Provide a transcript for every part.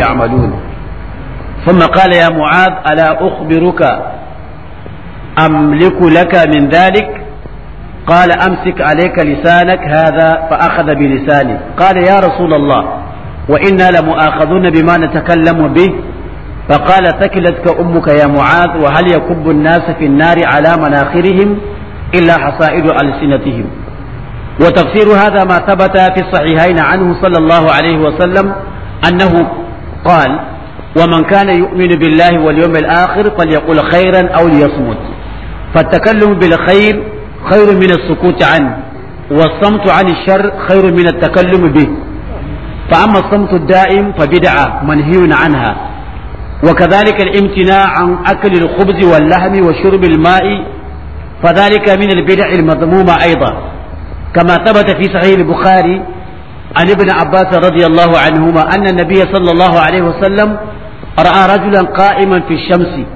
يعملون ثم قال يا معاذ ألا أخبرك أملك لك من ذلك قال أمسك عليك لسانك هذا فأخذ بلسانه قال يا رسول الله وإنا لمؤاخذون بما نتكلم به فقال ثكلتك أمك يا معاذ وهل يكب الناس في النار على مناخرهم إلا حصائد ألسنتهم وتفسير هذا ما ثبت في الصحيحين عنه صلى الله عليه وسلم أنه قال ومن كان يؤمن بالله واليوم الآخر فليقول خيرا أو ليصمت فالتكلم بالخير خير من السكوت عنه والصمت عن الشر خير من التكلم به فأما الصمت الدائم فبدعة منهي عنها وكذلك الامتناع عن أكل الخبز واللحم وشرب الماء فذلك من البدع المذمومة أيضا كما ثبت في صحيح البخاري عن ابن عباس رضي الله عنهما أن النبي صلى الله عليه وسلم رأى رجلا قائما في الشمس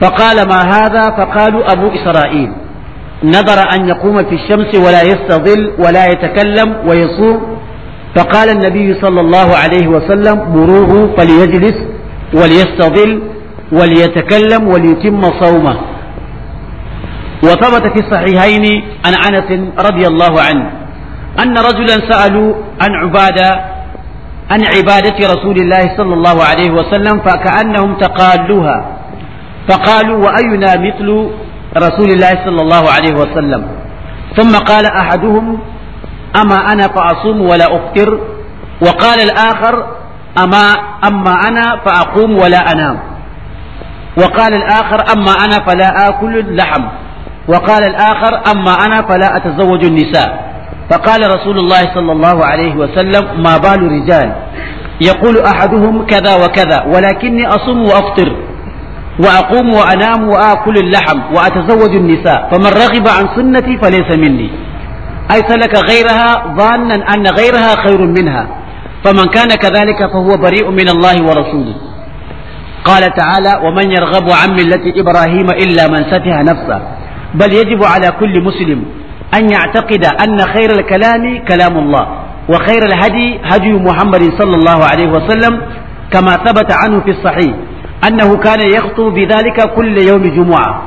فقال ما هذا فقالوا أبو إسرائيل نذر أن يقوم في الشمس ولا يستظل ولا يتكلم ويصوم فقال النبي صلى الله عليه وسلم مروه فليجلس وليستظل وليتكلم وليتم صومه وثبت في الصحيحين عن أنس رضي الله عنه أن رجلا سألوا عن عبادة عن عبادة رسول الله صلى الله عليه وسلم فكأنهم تقالوها فقالوا وأينا مثل رسول الله صلى الله عليه وسلم ثم قال أحدهم أما أنا فأصوم ولا أفطر وقال الآخر أما أما أنا فأقوم ولا أنام وقال الآخر أما أنا فلا آكل اللحم وقال الآخر أما أنا فلا أتزوج النساء فقال رسول الله صلى الله عليه وسلم ما بال رجال يقول أحدهم كذا وكذا ولكني أصوم وأفطر وأقوم وأنام وآكل اللحم وأتزوج النساء فمن رغب عن سنتي فليس مني أي سلك غيرها ظانا أن غيرها خير منها فمن كان كذلك فهو بريء من الله ورسوله قال تعالى ومن يرغب عن ملة إبراهيم إلا من سفه نفسه بل يجب على كل مسلم أن يعتقد أن خير الكلام كلام الله وخير الهدي هدي محمد صلى الله عليه وسلم كما ثبت عنه في الصحيح أنه كان يخطو بذلك كل يوم جمعة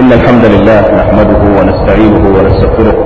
إن الحمد لله نحمده ونستعينه ونستغفره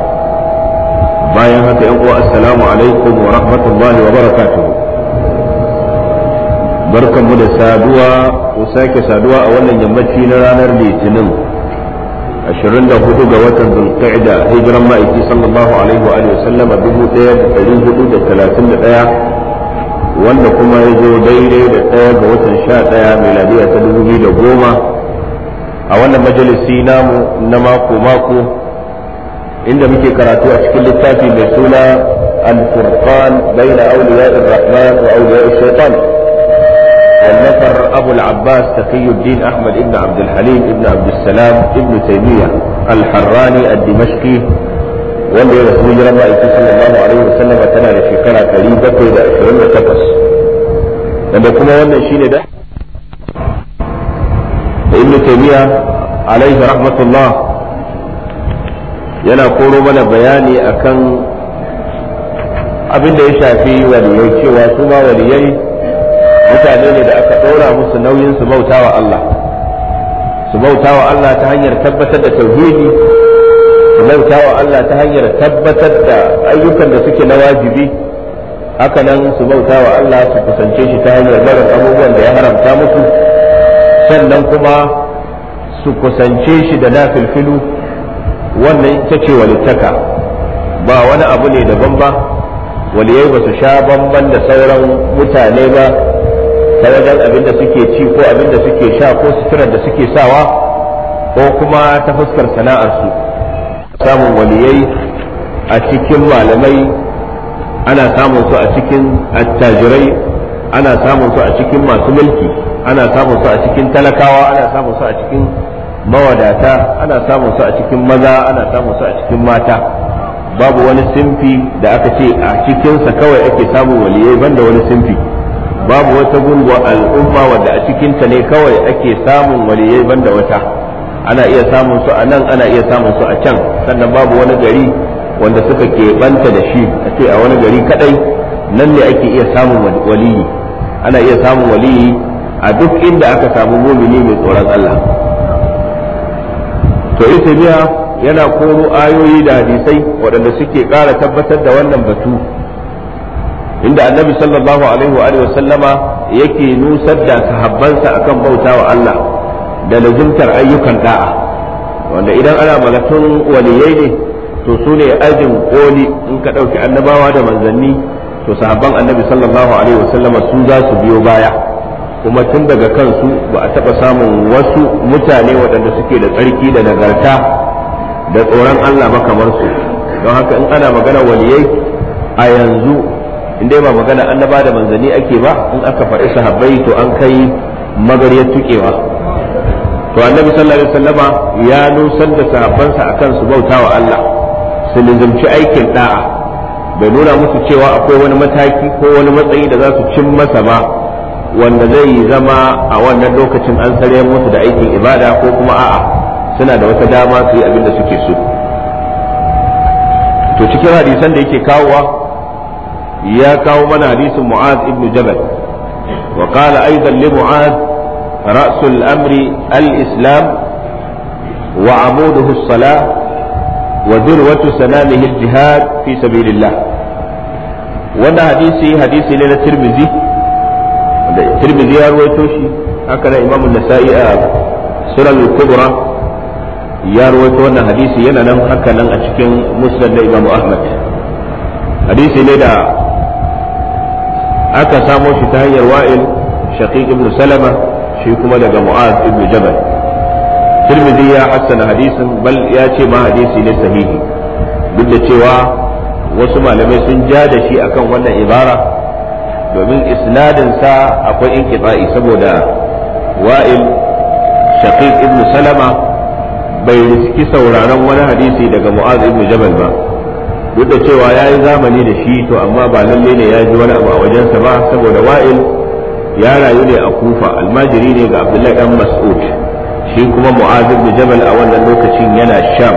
bayan haka yan uwa assalamu alaikum wa rahmatullahi wa barakatuh barkanmu da saduwa ko sake saduwa a wannan yammaci na ranar litinin 24 ga watan zulqa'da hijiran ma'aiki sallallahu alaihi wa alihi sallama 1431 wanda kuma ya zo daidai da ɗaya ga watan 11 miladiya ta 2010 a wannan majalisi namu na mako mako inda muke karatu a cikin littafi mai suna al-furqan baina awliya ar-rahman wa awliya ash-shaytan والنفر أبو العباس تقي الدين أحمد بن عبد الحليم بن عبد السلام بن تيمية الحراني الدمشقي wanda ya rasu hijiran ma'aiki sallallahu alaihi wasallam tana da shekara 728 wanda kuma wannan shine da ibnu taymiya alaihi rahmatullah yana koro mana bayani akan abin da ya shafi waliyai cewa su ma waliyai mutane ne da aka ɗora musu nauyin su bauta wa Allah su bauta wa Allah ta hanyar tabbatar da tauhidi su bauta wa Allah ta hanyar tabbatar da ayyukan da suke na wajibi haka nan su bauta wa Allah su kusance shi ta hanyar barin abubuwan da ya haramta musu sannan kuma su kusance shi da nafilfilu wannan ita ce walittaka ba wani abu ne daban ba waliyai ba su sha bamban da sauran mutane ba ta wajen abin da suke ci ko abin da suke sha ko suturar da suke sawa ko kuma ta fuskar sana'arsu samun waliyai a cikin malamai ana samun su a cikin attajirai ana samun su a cikin masu mulki ana samun su a cikin talakawa ana samun su a cikin mawadata ana samun su a cikin maza ana samun su a cikin mata babu wani simfi da aka ce a cikinsa kawai ake samun waliyai banda wani simfi babu wata gungun al'umma wadda a cikinta ne kawai ake samun waliyai banda wata ana iya samun su a nan ana iya samun su a can sannan babu wani gari wanda suka ke banta da shi a ce a wani gari kadai nan ne ake iya samun waliyi ana iya samun waliyi a duk inda aka samu mumini mai tsoron Allah to yi biya yana koro ayoyi da hadisai waɗanda suke ƙara tabbatar da wannan batu inda annabi sallallahu alaihi wa alihi sallama yake nusar da sahabbansa akan bauta wa Allah da lazimtar ayyukan da'a wanda idan ana malatun waliyai ne to su ne ajin koli in ka ɗauki annabawa da manzanni to sahabban annabi sallallahu alaihi wa sallama su za su biyo baya kuma tun daga kansu ba a taɓa samun wasu mutane waɗanda suke da tsarki da nagarta da tsoron Allah ba kamar su don haka in ana magana waliyai a yanzu in dai ba magana annaba da manzanni ake ba in aka faɗi sahabbai to an kai magariyar tukewa to annabi sallallahu alaihi wasallama ya nusar da sahabbansa akan su bauta wa Allah su nizamci aikin da'a bai nuna musu cewa akwai wani mataki ko wani matsayi da za su cin masa ba wanda zai zama a wannan lokacin an tsare musu da aikin ibada ko kuma a'a suna da wata dama su yi abin da suke so to cikin hadisan da yake kawowa ya kawo mana hadisin mu'az ibn jabal wa qala aidan li mu'az rasul amri al-islam wa amuduhu as-salah wa dirwatu sanamihi al-jihad fi sabilillah wannan hadisi hadisi ne na tirmidhi da tirmidhi ya ruwaito shi haka na imamu nasa'i a al kubra ya ruwaito wannan hadisi yana nan haka nan a cikin musnad da imamu ahmad hadisi ne da aka samo shi ta hanyar wa'il shaqiq ibn salama shi kuma daga mu'az ibn jabal tirmidhi ya hassana hadisin bal ya ce ma hadisi ne sahihi duk da cewa wasu malamai sun ja da shi akan wannan ibara domin isnadinsa akwai inqita'i saboda wa'il shaqiq ibn salama bai riski sauraron wani hadisi daga mu'az ibn jabal ba duk da cewa ya yi zamani da shi to amma ba lalle ne ya ji wani abu a wajensa ba saboda wa'il ya rayu ne a kufa almajiri ne ga abdullahi dan mas'ud shi kuma mu'az ibn jabal a wannan lokacin yana sham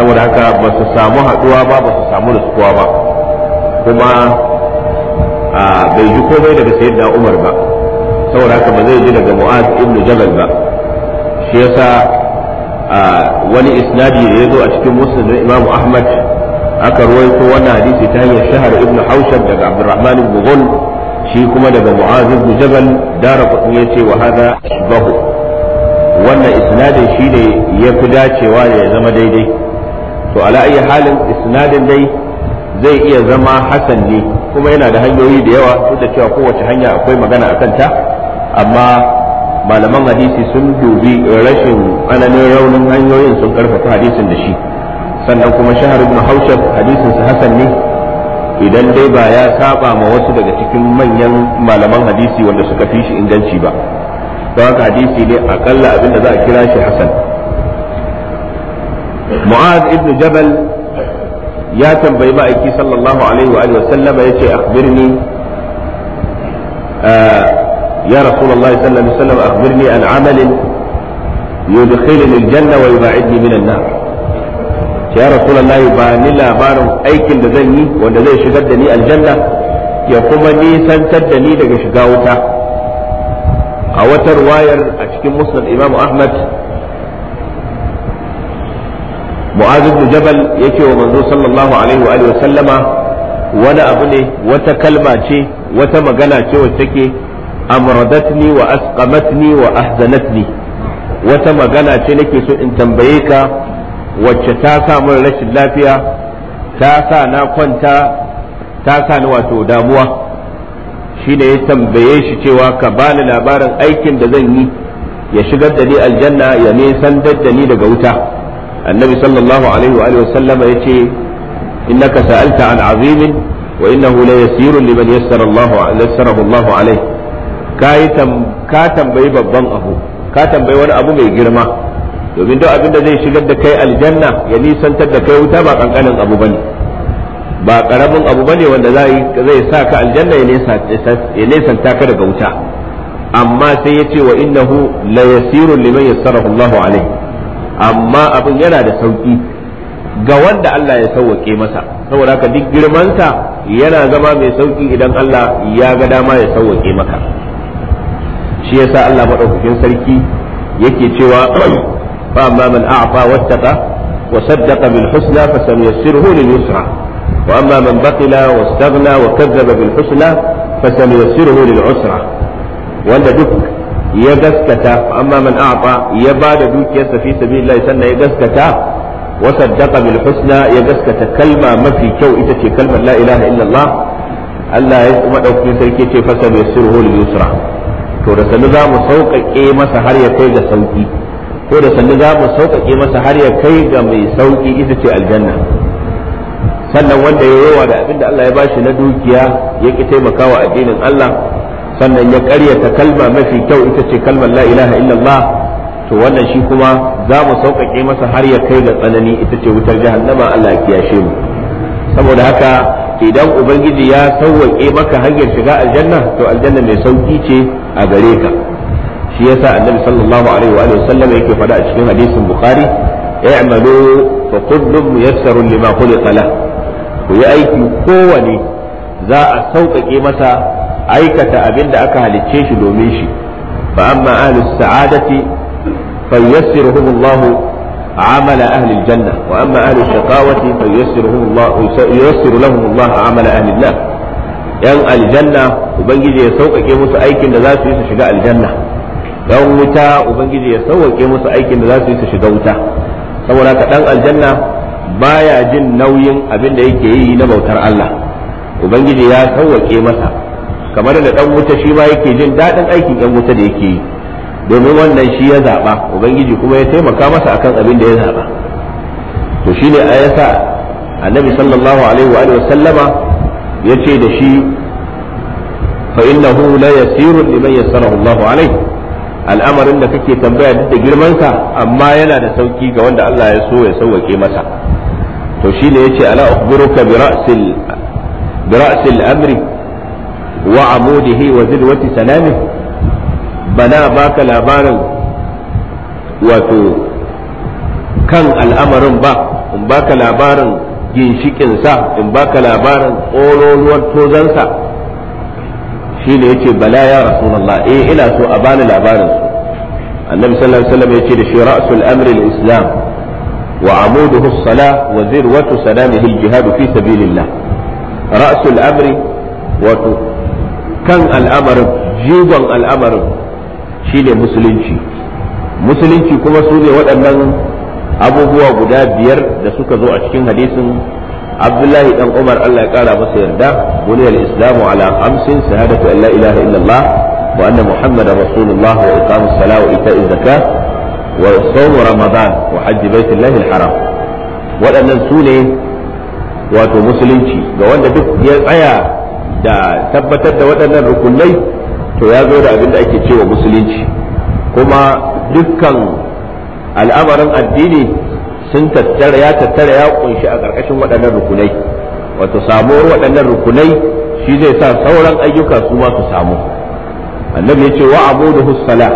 saboda haka ba su samu haduwa ba ba su samu riskuwa ba kuma bai ji komai daga da Umar ba saboda haka ba zai ji daga Mu'az ibn Jabal ba shi yasa wani isnadi da ya zo a cikin musnad Imam Ahmad aka ruwaito wannan hadisi ta hanyar shahar ibn Haushab daga Abdurrahman ibn Ghul shi kuma daga Mu'az ibn Jabal dara ya yace wa hada ashbahu wannan isnadin shi ne ya fi dacewa ya zama daidai to ala halin isnadin dai zai iya zama hasan ne kuma yana da hanyoyi da yawa duk da cewa kowace hanya akwai magana a kanta amma malaman hadisi sun dubi rashin ananin raunin hanyoyin sun karfafa hadisin da shi sannan kuma shahar ibn haushab hadisin sa hasan ne idan dai ba ya saba ma wasu daga cikin manyan malaman hadisi wanda suka fi shi inganci ba don haka hadisi ne akalla abinda za a kira shi hasan mu'az ibn jabal ya tambayi ma'aiki sallallahu alaihi wa sallama ya ce akhbirni eh, ya rasulullahi sallallahu alaihi sallam akhbirni an amalin yudkhilni aljanna wa yub'idni min an-nar ya rasulullahi ba ni labarin aikin da zan yi wanda zai shigar da ni aljanna ya kuma nisantar da ni daga shiga wuta a wata ruwayar a cikin musnad Imam ahmad mu'az ibn jabal yake wa manzo sallallahu alaihi wa sallama wani abu ne wata kalma ce wata magana ce wacce take amradatni wa ahzanatni wata magana ce nake so in tambaye ka wacce ta sa rashin lafiya ta sa na kwanta ta sa wato damuwa shine ya tambaye shi cewa ka bani labarin aikin da zan yi ya shigar da ni aljanna ya nisan da ni daga wuta annabi sallallahu alaihi wa alihi wasallam yace innaka sa'alta an azimin wa innahu la yasirun liman yassara Allah yassarahu Allah ka tambayi babban abu ka tambayi wani abu mai girma domin duk abin da zai shigar da kai aljanna ya nisantar da kai wuta ba kankanin abu bane ba karamin abu bane wanda zai sa ka aljanna ya nesanta ka daga wuta amma sai ya ce wa innahu la liman amma abin yana da sauki ga wanda Allah ya sauwake masa saboda haka duk girmansa yana zama mai sauki idan Allah ya ga dama ya sauwake maka shi yasa Allah madaukakin sarki yake cewa fa amma man a'fa wattaqa wa saddaqa bil husna fa sanyasiruhu lil yusra wa amma man baqila wastaghna wa kadzdzaba bil husna fa sanyasiruhu lil usra wanda duk ya gaskata amma man a'ta ya bada dukiyarsa fi sabilillah sannan ya gaskata wa saddaqa bil husna ya gaskata kalma mafi kyau ita ce kalmar la ilaha illallah Allah ya kuma dauki sarki ce fa sabi sirhu lil yusra to da sanu zamu sauƙaƙe masa har ya kai ga sauki ko da sanu zamu sauƙaƙe masa har ya kai ga mai sauki ita ce aljanna sannan wanda ya yawa da abin da Allah ya bashi na dukiya ya ki taimakawa addinin Allah sannan ya karyata kalma mafi kyau ita ce kalmar la ilaha illallah to wannan shi kuma za mu sauƙaƙe masa har ya kai ga tsanani ita ce wutar jahannama Allah ya kiyashe mu saboda haka idan ubangiji ya sauwaƙe maka hanyar shiga aljanna to aljanna mai sauƙi ce a gare ka shi yasa annabi sallallahu alaihi wa sallam yake faɗa a cikin hadisin bukhari i'malu fa kullun muyassarun lima khuliqa lahu ku yi aiki kowane za a sauƙaƙe masa aikata abin da aka halicce shi domin shi fa amma ahlus sa'adati fayassiruhum Allah amala ahli aljanna wa amma ahlus shaqawati fayassiruhum Allah yassiru lahum Allah amala ahli an yan aljanna ubangiji ya sauƙaƙe musu aikin da za su yi su shiga aljanna dan wuta ubangiji ya sauƙaƙe musu aikin da za su yi su shiga wuta saboda ka dan aljanna baya jin nauyin abin da yake yi na bautar Allah ubangiji ya sauwake masa kamar da dan wuta shi ma yake jin daɗin aikin yan wuta da yake yi domin wannan shi ya zaɓa ubangiji kuma ya taimaka masa akan abin da ya zaɓa to shine a yasa annabi sallallahu alaihi wa sallama ya ce da shi fa la yasiru liman yassarahu Allah alaihi al'amarin da kake tambaya duk da girmansa amma yana da sauki ga wanda Allah ya so ya sauwake masa to shine yace ala ukhbiruka bi ra'sil bi ra'sil amri wa amudihi wa zilwati bana baka labarin wato kan al'amarin ba in baka labarin ginshikinsa in baka labarin ƙololuwar tozansa shi ne yace bala ya rasulullah eh ina so a bani labarin su annabi sallallahu alaihi wasallam yace da shi ra'sul amri al-islam wa amuduhu as wa zirwatu sanamihi kan al'amarin jigon al'amarin shine musulunci musulunci kuma su ne waɗannan abubuwa guda biyar da suka zo a cikin hadisin abdullahi dan umar allah ya kara masa yarda buniyar al-islamu ala khamsin shahadatu an la ilaha illallah wa anna muhammadar rasulullah wa iqamus salah wa ita'iz zakah wa sawm ramadan wa hajji baitullahi al-haram waɗannan su ne wato musulunci ga wanda duk ya tsaya da tabbatar da waɗannan rukunai to ya zo da abin da ake cewa musulunci kuma dukkan al'amarin addini sun tattara ya tattara ya kunshi a ƙarƙashin waɗannan rukunai wato samuwar waɗannan rukunai shi zai sa sauran ayyuka su ma su samu annabi ya ce wa abuduhu sala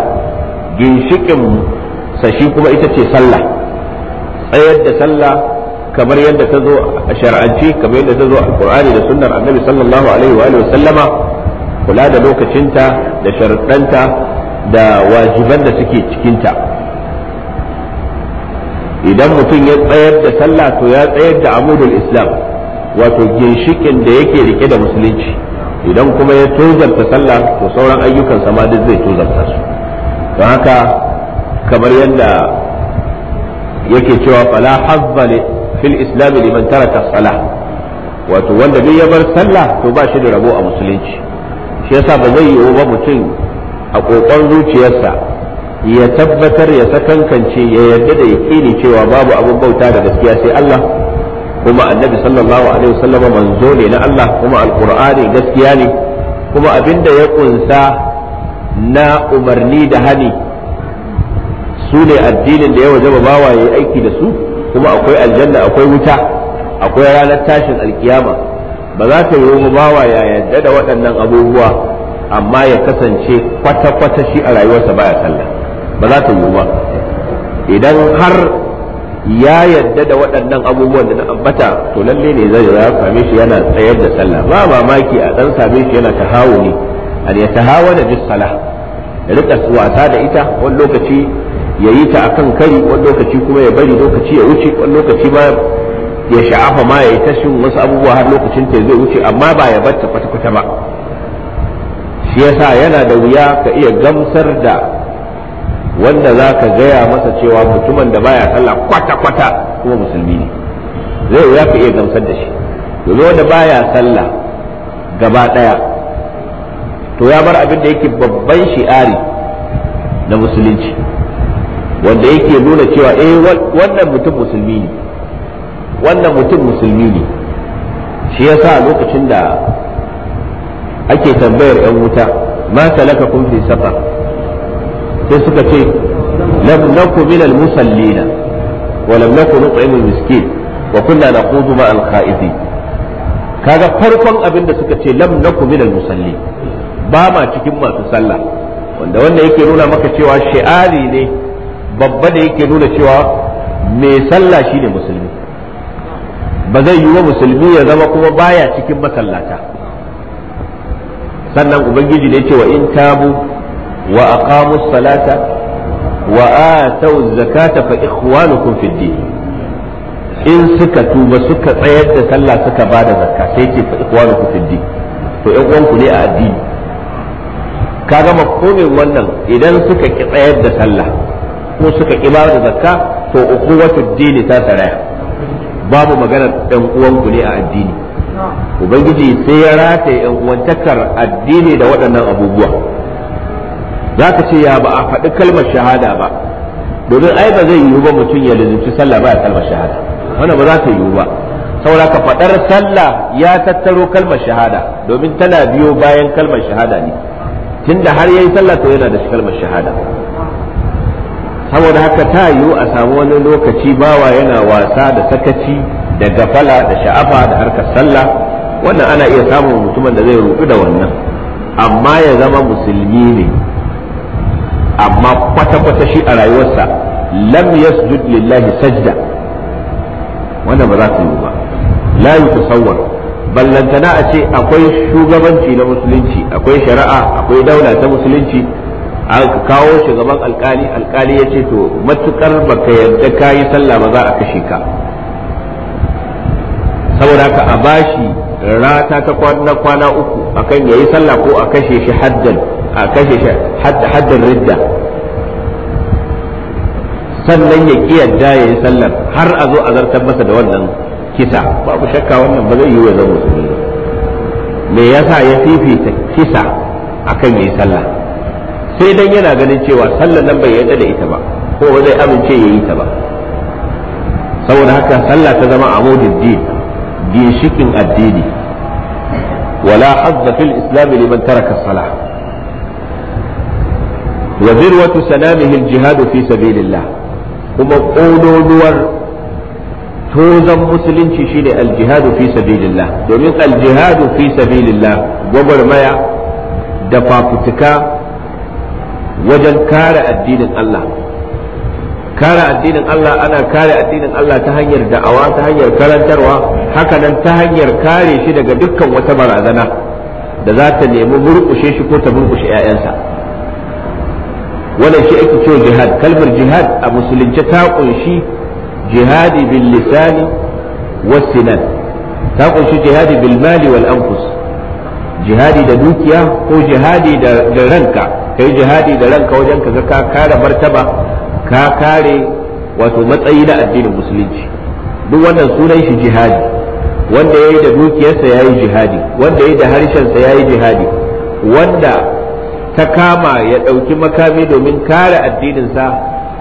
ginshikin sa shi kuma ita ce sallah tsayar da sallah kamar yadda ta zo a shar'anci kamar yadda ta zo a qur'ani da sunnar annabi sallallahu alaihi wa alihi sallama kula da lokacinta da sharuɗanta da wajiban da suke cikinta idan mutum ya tsayar da sallah to ya tsayar da amudul islam wato ginshikin da yake rike da musulunci idan kuma ya tozarta sallah to sauran ayyukan ma duk zai tozarta su don haka kamar yadda yake cewa fala hazza fil islam liman taraka salah wato wanda duk ya bar sallah to ba shi da rabo a musulunci shi yasa ba zai yiwu ba mutum a kokon zuciyarsa ya tabbatar ya sakankance ya yarda da yakini cewa babu abin bauta da gaskiya sai Allah kuma annabi sallallahu alaihi wasallam manzo ne na Allah kuma alkur'ani gaskiya ne kuma abinda ya ƙunsa na umarni da hani su ne addinin da ya ba bawa ya yi aiki da su kuma akwai aljanna akwai wuta akwai ranar tashin alkiyama ba za ta yi mu bawa ya yadda da waɗannan abubuwa amma ya kasance kwata-kwata shi a rayuwarsa baya sallah ba za ta yi ba idan har ya yadda da waɗannan abubuwan da na ambata to lalle ne zai ya same shi yana tsayar da sallah ba mamaki a dan same shi yana tahawuni an tahawana bis salah rika wasa da ita wani lokaci ya yi ta akan kari wani lokaci kuma ya bari lokaci ya wuce wani lokaci ba ya sha'afa ma ya yi tashin wasu abubuwa har lokacin ta zai wuce amma ba ya batta kwata-kwata ba shi yasa yana da wuya ka iya gamsar da wanda za ka gaya masa cewa mutumin da baya sallah kwata-kwata kuma musulmi ne zai wuya ka iya gamsar da shi domin wanda baya sallah gaba ɗaya to ya bar abin da yake babban shi'ari na musulunci wanda yake nuna cewa eh wannan mutum musulmi ne wannan mutum musulmi ne shi yasa lokacin da ake tambayar ɗan wuta ma salaka kun fi safar sai suka ce lam naku min al musallina wa lam naku nut'imu al miskin wa kunna naqudu ma al kha'ifi kaga farkon abin da suka ce lam naku min al musalli ba ma cikin masu sallah wanda wannan yake nuna maka cewa shi'ari ne babba da yake nuna cewa mai sallah shine musulmi ba zai yi wa musulmi ya zama kuma baya cikin masallata sannan ubangiji ne cewa in tabu wa aqamu salata wa atau zakata fa ikhwanukum fi din in suka tuba suka tsayar da sallah suka bada zakka sai ce fa ikhwanukum fi din to ɗan uwanku ne a addini ka gama komin wannan idan suka ki tsayar da sallah ko suka ki ba da zakka to uquwatu dini ta saraya babu maganar ɗan uwanku ne a addini ubangiji sai ya rataye ɗan uwantakar addini da waɗannan abubuwa za ka ce ya ba a faɗi kalmar shahada ba domin ai ba zai yiwu ba mutum ya lizinci sallah ba ya kalmar shahada wannan ba za ta yiwu ba saboda ka faɗar sallah ya tattaro kalmar shahada domin tana biyo bayan kalmar shahada ne tunda har yayi sallah to yana da kalmar shahada saboda haka ta yiwu a samu wani lokaci bawa yana wasa da sakaci da gafala da sha'afa da harkar sallah wannan ana iya samun mutumin da zai rubu da wannan amma ya zama musulmi ne amma kwata-kwata shi a rayuwarsa lam yasjud lillahi sajda wannan ba za ku yi ba la yutasawwar ballantana a ce akwai shugabanci na musulunci akwai shari'a akwai daula ta musulunci an kawo shi gaban alkali alkali ya ce to matukar baka yarda ka yi sallah ba za a kashe ka saboda haka a bashi rata ta kwana kwana uku akan yayi sallah ko a kashe shi haddan a kashe shi haddan ridda sannan ya ki yadda yayi sallar har a zo a zartar masa da wannan kisa babu shakka wannan ba zai yi wa zama musulmi me yasa ya fifita kisa akan yayi sallah sai dan yana ganin cewa sallar nan bai yadda da ita ba ko ba zai amince ya yi ta ba saboda haka sallah ta zama amudin din ginshikin addini wala hazza fil islam liman taraka salah wa dirwatu sanamihi al-jihad fi sabilillah kuma ƙododuwar tozan musulunci shine aljihadu fi sabilillah domin aljihadu fi sabilillah gwagwarmaya da fafutuka wajen kare addinin Allah kare addinin Allah ana kare addinin Allah ta hanyar da'awa ta hanyar karantarwa hakanan ta hanyar kare shi daga dukkan wata barazana da za ta nemi murkushe shi ko ta murkushe 'ya'yansa wannan shi ake cewa jihad kalmar jihad a musulunce ta kunshi jihadi bil lisani was sinan ta kunshi jihadi bil mali wal anfus jihadi da dukiya ko jihadi da ranka Ka yi jihadi da ranka wajen ka ka kare martaba ka kare wato matsayi na addinin musulunci duk wannan sunan shi jihadi wanda yayi da dukiyarsa yayi jihadi wanda yayi da harshensa yayi jihadi wanda ta kama ya ɗauki makami domin kare addininsa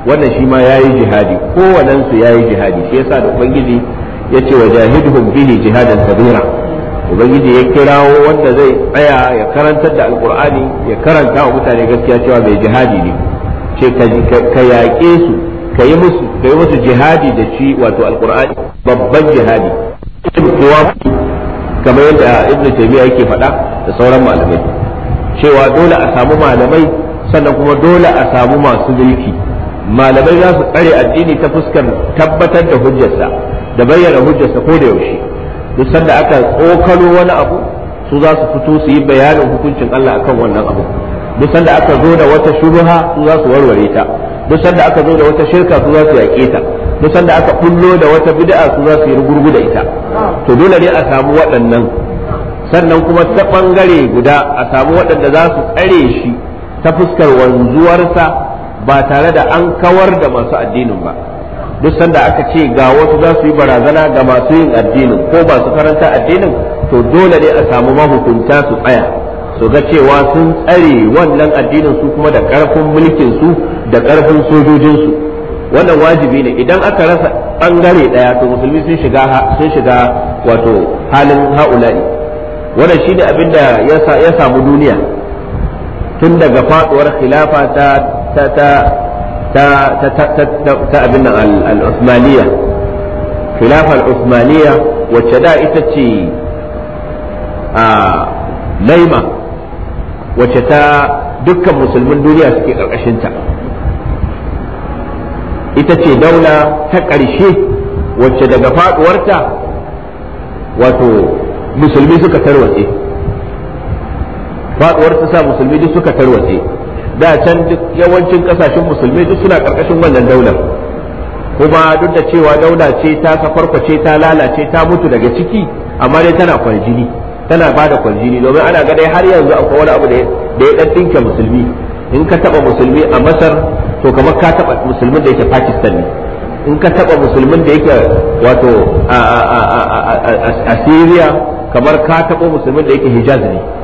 wannan shi ma yayi jihadi kowanensu yayi jihadi shi yasa da ubangiji yace wa jahidhum bihi jihadan kabira ubangiji ya kirawo wanda zai tsaya ya karantar da alkur'ani ya karanta wa mutane gaskiya cewa mai jihadi ne ce ka yaƙe su ka yi musu ka yi musu jihadi da shi wato alkur'ani babban jihadi kowa kamar yadda ibn taymiya yake faɗa da sauran malamai cewa dole a samu malamai sannan kuma dole a samu masu mulki malamai za su tsare addini ta fuskar tabbatar da hujjarsa da bayyana hujjarsa ko da yaushe duk sanda aka tsokalo wani abu su za su fito su yi bayanin hukuncin Allah akan wannan abu duk sanda aka zo da wata shubha su za su warware ta duk sanda aka zo da wata shirka su za su yaƙe ta duk sanda aka bullo da wata bid'a su za su yi rugurgu da ita to dole ne a samu waɗannan sannan kuma ta bangare guda a samu waɗanda za su tsare shi ta fuskar wanzuwarsa ba tare da an kawar da masu addinin ba duk sanda aka ce ga wasu za su yi barazana ga masu yin addinin ko ba su karanta addinin to dole ne a samu mahukunta su tsaya su ga cewa sun tsare wannan addinin su kuma da karfin mulkin su da karfin sojojin su wannan wajibi ne idan aka rasa bangare daya to musulmi sun shiga sun shiga wato halin haula'i wannan shine abin da ya samu duniya tun daga faduwar khilafa ta ta ta abin nan al-Uthmaniyya khilafa al-Uthmaniyya wacce da ita ce a laima wacce ta dukkan musulmin duniya suke ƙarƙashinta ita ce daula ta ƙarshe wacce daga faɗuwarta wato musulmi suka tarwatse faɗuwar ta sa musulmi duk suka tarwatse da can duk yawancin kasashen musulmi duk suna karkashin wannan daular kuma duk da cewa daula ce ta safarkwace ta lalace ta mutu daga ciki amma dai tana kwaljini tana ba da domin ana ga dai har yanzu akwai wani abu da ya dan dinka musulmi in ka taba musulmi a masar to kamar ka taba musulmin da yake pakistan ne in ka taba musulmin da yake wato a a kamar ka a a da yake hijaz ne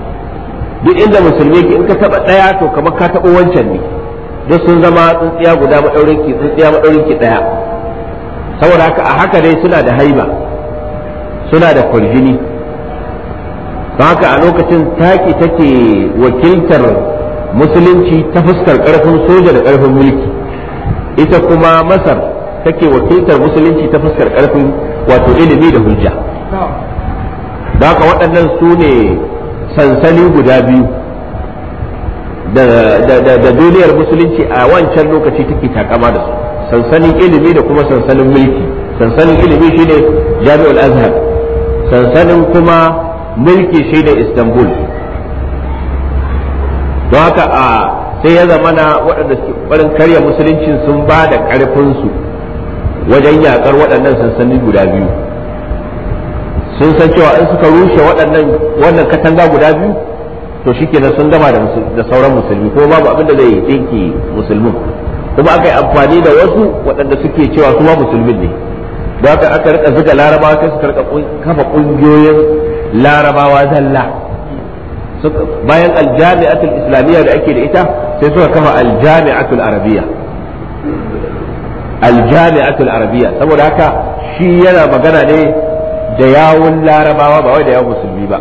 duk inda musulmi ke in ka taba daya to kamar ka taba wancan ne duk sun zama tsintsiya guda madaurin ki tsintsiya madaurin ki daya saboda haka a haka dai suna da haiba suna da kurjini don haka a lokacin taki take wakiltar musulunci ta fuskar karfin soja da karfin mulki ita kuma masar take wakiltar musulunci ta fuskar karfin wato ilimi da hujja don haka waɗannan su ne sansani guda biyu da duniyar musulunci a wancan lokaci take takama da su sansanin ilimi da kuma sansanin mulki sansanin ilimi shine jami'ul azhar sansanin kuma mulki shine istanbul don haka a sai ya zamana na waɗanda barin karya musuluncin sun ba da ƙarfinsu wajen yaƙar waɗannan sansanin guda biyu sun san cewa in suka rushe waɗannan wannan katanga guda biyu to shikenan sun gama da sauran musulmi ko babu abin da zai dinki musulmin kuma aka yi amfani da wasu waɗanda suke cewa su ma musulmin ne da haka aka rika zuga larabawa sai suka rika kafa ƙungiyoyin larabawa zalla bayan aljami'atul islamiyya da ake da ita sai suka kafa aljami'atul arabiyya aljami'atul arabiyya saboda haka shi yana magana ne da yawun larabawa ba wai da yawun musulmi ba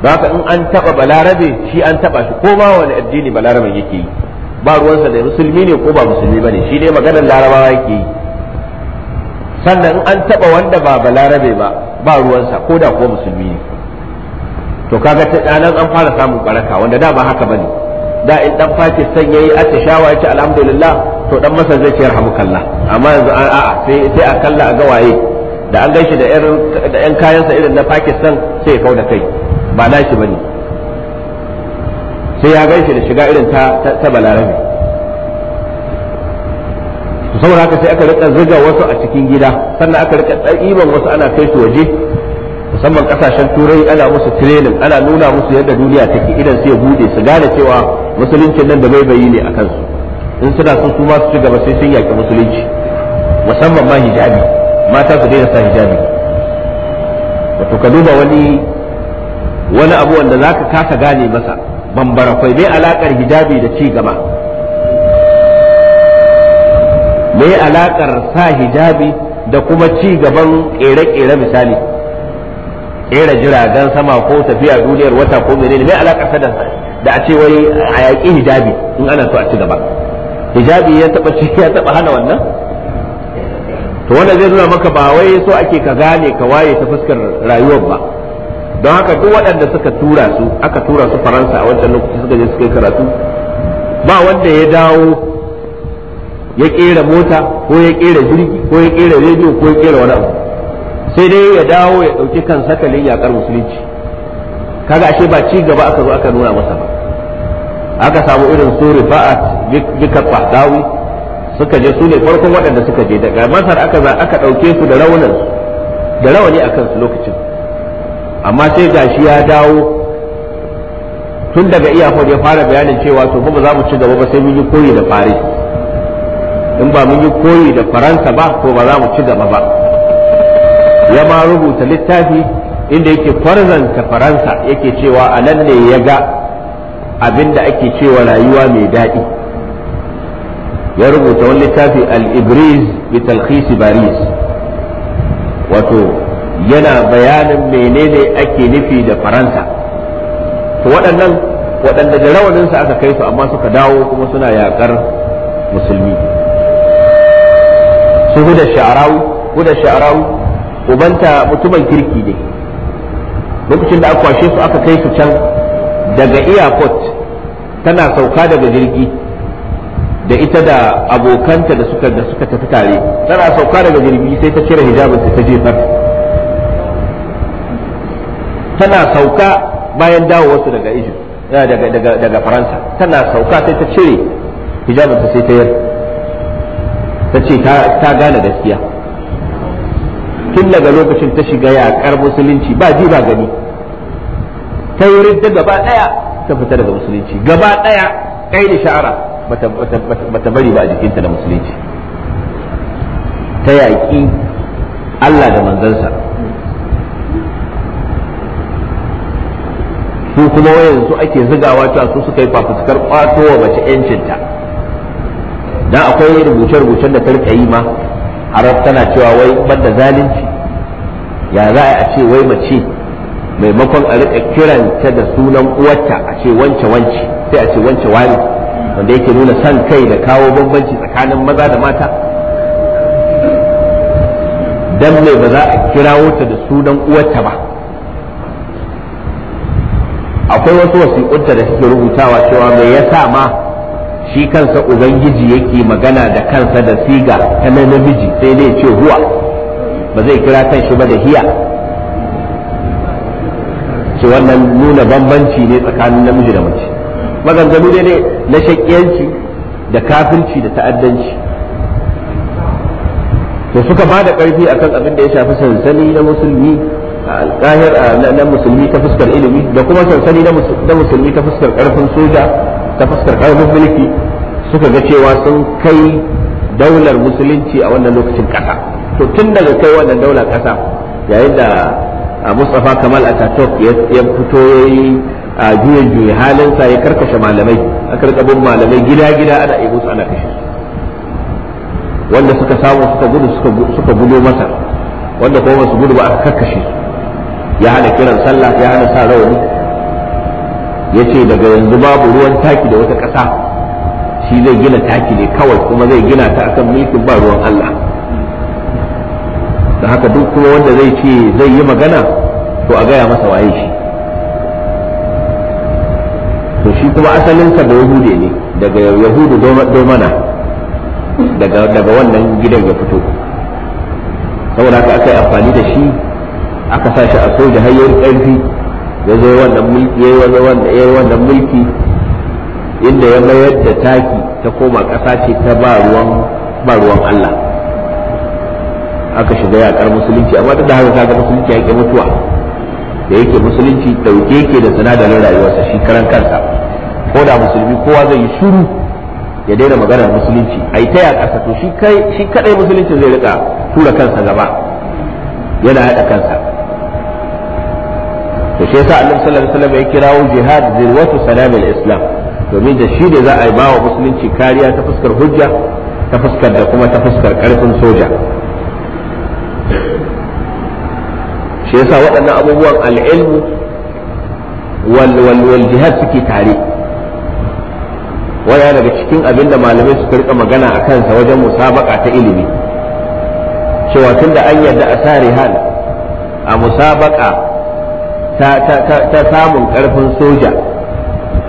ba ka in an taba balarabe shi an taba shi ko ba wani addini balarabe yake yi ba ruwansa da musulmi ne ko ba musulmi ba ne shi ne maganar larabawa yake yi sannan in an taba wanda ba balarabe ba ba ruwansa ko da ko musulmi ne to kaga ta nan an fara samun baraka wanda da ba haka bane da in dan san yayi atishawa ya ce alhamdulillah to dan masa zai ce rahmukallah amma yanzu a'a sai sai a kalla a ga waye da an gaishe da yan kayansa irin na pakistan sai ya kau da kai ba nashi bane sai ya gaishe da shiga irin ta balarabe saboda haka sai aka rika zuga wasu a cikin gida sannan aka rika ɗa'iban wasu ana kai su waje musamman kasashen turai ana musu training ana nuna musu yadda duniya take idan sai bude su gane cewa musuluncin nan da bai bayi ne a kansu in suna son su ma su ci gaba sai sun yaƙi musulunci musamman ma hijabi mata su daina sa hijabi wato ka duba wani wani abu wanda za ka kasa gane masa bambara kwai me alakar hijabi da ci gaba me alakar sa hijabi da kuma ci gaban kere-kere misali kera jiragen sama ko tafiya duniyar wata ko menene me alakar sa da a ce wai a yaƙi hijabi in ana so a ci gaba hijabi ya taɓa hana wannan to wanda zai nuna maka ba wai so ake ka gane ka waye ta fuskar rayuwar ba don haka duk waɗanda suka tura su aka tura su faransa a wancan lokaci suka je suka yi karatu ba wanda ya dawo ya kera mota ko ya kera jirgi ko ya kera rediyo ko ya kera wani abu sai dai ya dawo ya ɗauki kan sakalin yakar musulunci kaga ashe ba ci gaba aka zo aka nuna masa ba aka samu irin su rifa'at bikar fahdawi suka je su ne farkon waɗanda suka je daga masar aka za aka ɗauke su da raunin da rawani a kansu lokacin amma sai gashi ya dawo tun daga iyakon ya fara bayanin cewa to ba za mu ci gaba ba sai mun yi koyi da fari in ba mun yi koyi da faransa ba ko ba za mu ci gaba ba ya ma rubuta littafi inda yake kwarzanta faransa yake cewa a nan ne ya ga abin da ake cewa rayuwa mai daɗi ya rubuta wani littafi al-ibriz bi talkhis baris wato yana bayanin menene ake nufi da faransa to waɗannan waɗanda da rawaninsa aka kai su amma suka dawo kuma suna yaƙar musulmi su huda sha'arau huda sha'arau ubanta mutumin kirki ne lokacin da aka kwashe su aka kai su can daga airport tana sauka daga jirgi da ita da abokanta da suka da suka tafi tare tana sauka daga jirgi sai ta cire hijabin ta jefar tana sauka bayan dawowarsu daga Egypt eh, daga daga daga Faransa tana sauka sai ta cire ta sai ta yar ta ce ta gane gaskiya tun daga lokacin ta shiga yaƙar musulunci ba ji ba gani ta yi gaba ɗaya ta fita daga musulunci gaba ɗaya kai da sha'ara bata bari ba a jikinta da musulunci ta yaƙi Allah da manzansa su kuma su ake zigawa cewa su suka yi fafutukar kwato wa mace yancinta dan akwai rubuce-rubucen da tarka yi ma arab tana cewa wai banda zalunci ya za a ce wai mace maimakon a rika kiranta da sunan uwarta a ce wance wance sai a ce wance wani wanda yake nuna son kai da kawo bambanci tsakanin maza da mata dan mai ba za a kirawo ta da sunan uwarta ba akwai wasu wasiƙunta da suke rubutawa cewa mai ya sa ma shi kansa ubangiji yake magana da kansa da siga ta namiji sai dai ce huwa ba zai kira kan shi ba da hiya ce wannan nuna bambanci ne tsakanin namiji da mace maganganu ne ne na shakiyanci da kafinci da ta'addanci to suka ba da ƙarfi akan abin da ya shafi sansani na musulmi a alƙahir na musulmi ta fuskar ilimi da kuma sansani na musulmi ta fuskar ƙarfin soja ta fuskar ƙarfin mulki suka ga cewa sun kai daular musulunci a wannan lokacin ƙasa to tun daga kai wannan daular ƙasa yayin da Mustapha Kamal Ataturk ya fito yayi a juyin juyi halinsa ya karkashe malamai aka rika bin malamai gida gida ana ebo su ana kashe wanda suka samu suka gudu suka gudu masa wanda kuma su gudu ba aka karkashe ya hana kiran sallah ya hana sa rawani ya ce daga yanzu babu ruwan taki da wata ƙasa shi zai gina taki ne kawai kuma zai gina ta akan mulkin ba ruwan Allah da haka duk kuma wanda zai ce zai yi magana to a gaya masa waye shi to shi kuma asalinsa da yahude ne daga yahudu domana daga wannan gidan ya fito saboda haka aka yi amfani da shi aka sa shi a soja da karfi ƙarfi ya zo wannan mulki yayi wannan wannan mulki inda ya mayar da taki ta koma ƙasa ce ta ba ruwan ba ruwan Allah aka shiga yakar musulunci amma duk da haka kaga musulunci yake mutuwa da yake musulunci dauke yake da sinadarin rayuwarsa shi karan kansa ko da musulmi kowa zai yi shiru ya daina magana musulunci ai ta ya kasa to shi kai shi kadai musulunci zai rika tura kansa gaba yana hada kansa to shi yasa Allah sallallahu alaihi wasallam ya kirawo jihad zirwatu salamil islam domin da shi da za a yi bawa musulunci kariya ta fuskar hujja ta fuskar da kuma ta fuskar karfin soja shi yasa waɗannan abubuwan al'ilmu wal suke tare waya daga cikin abin da malamai suka rika magana a kansa wajen musabaka ta ilimi cewa tun da an yarda a sa rihal a musabaka ta samun karfin soja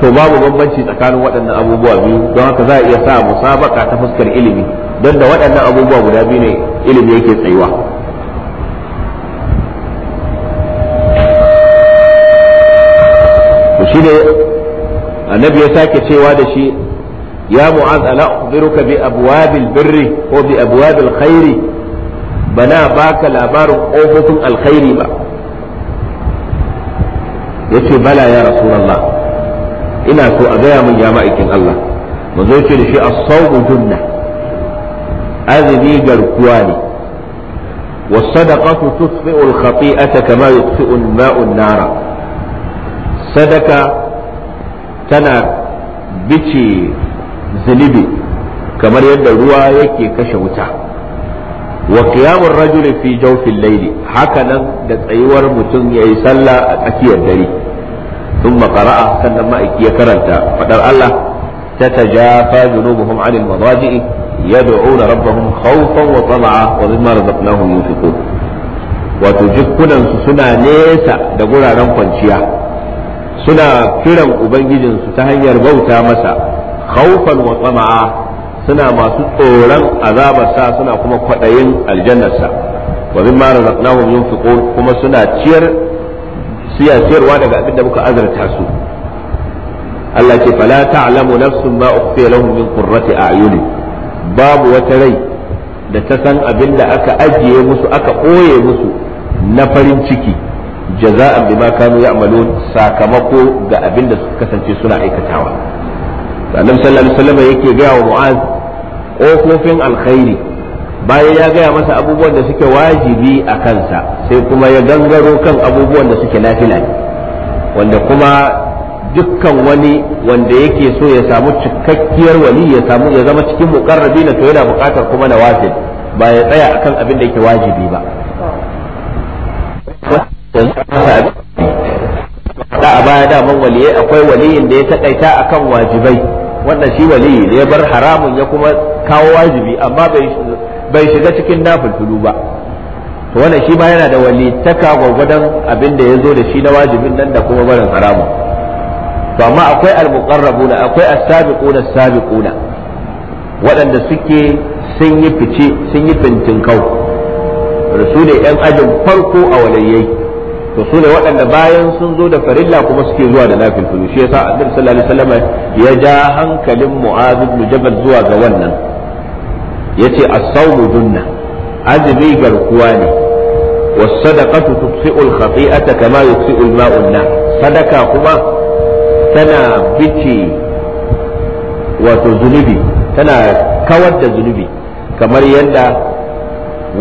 to babu bambanci tsakanin waɗannan abubuwa biyu don haka za a iya sa musabaka ta fuskar ilimi don da waɗannan abubuwa guda biyu ne ilimi yake tsayuwa shine annabi ya sake cewa da shi ya mu'az ala ukhbiruka bi abwabil birri ko bi abwabil khairi bana baka labarin kofofin alkhairi ba yace bala ya rasulullah ina so a gaya min ya ma'aikin Allah manzo yace da shi as-sawmu junna azumi garkuwa ne والصدقة تطفئ الخطيئة كما يطفئ الماء النار sadaka tana bice zunubi kamar yadda ruwa yake kashe wuta wa qiyamur rajuli fi jawfil layli hakanan da tsayuwar mutum yayi sallah a tsakiyar dare thumma qara'a sannan ma'aiki ya karanta fadar Allah tatajafa junubuhum 'anil madaji'i yad'una rabbahum khawfan wa tama'a wa mimma razaqnahum yunfiqun wato jikunan su suna nesa da guraren kwanciya suna kiran ubangijinsu ta hanyar bauta masa khawfan wa tsama'a suna masu tsoron azabarsa suna kuma kwaɗayin aljannarsa wa mimma razaqnahum yunfiqun kuma suna ciyar siya ciyarwa daga abin da muka azarta su Allah ce fala ta'lamu nafsun ma ukhfiya lahum min qurrati a'yuni babu wata rai da ta san abin da aka ajiye musu aka ɓoye musu na farin ciki jaza'an bima kanu ya'malun sakamako ga abin da suka kasance suna aikatawa annabi sallallahu alaihi wasallam yake gaya wa mu'az kofofin alkhairi bayan ya gaya masa abubuwan da suke wajibi a kansa sai kuma ya gangaro kan abubuwan da suke lafila wanda kuma dukkan wani wanda yake so ya samu cikakkiyar wali ya samu ya zama cikin mukarrabi na to yana buƙatar kuma na wajibi ba ya tsaya akan abin da yake wajibi ba da a baya da daman waliye akwai waliyin da ya takaita akan wajibai wannan shi waliyi da ya bar haramun ya kuma kawo wajibi amma bai shiga cikin nafulfulu ba to wannan shi ma yana da walitaka gwagwadon abin da ya zo da shi na wajibin nan da kuma barin haramun to amma akwai almuqarrabuna akwai as-sabiquna as-sabiquna waɗanda suke sun yi fice sun yi fintinkau su ne 'yan ajin farko a walayyai to su ne waɗanda bayan sun zo da farilla kuma suke zuwa da nafilfilu shi yasa annabi sallallahu alaihi wasallam ya ja hankalin mu'az ibn jabal zuwa ga wannan yace as-sawmu junna azumi garkuwa ne was-sadaqatu tudfi'u al-khati'ata kama yudfi'u al-ma'u sadaka kuma tana bice wato zunubi tana kawar da zunubi kamar yadda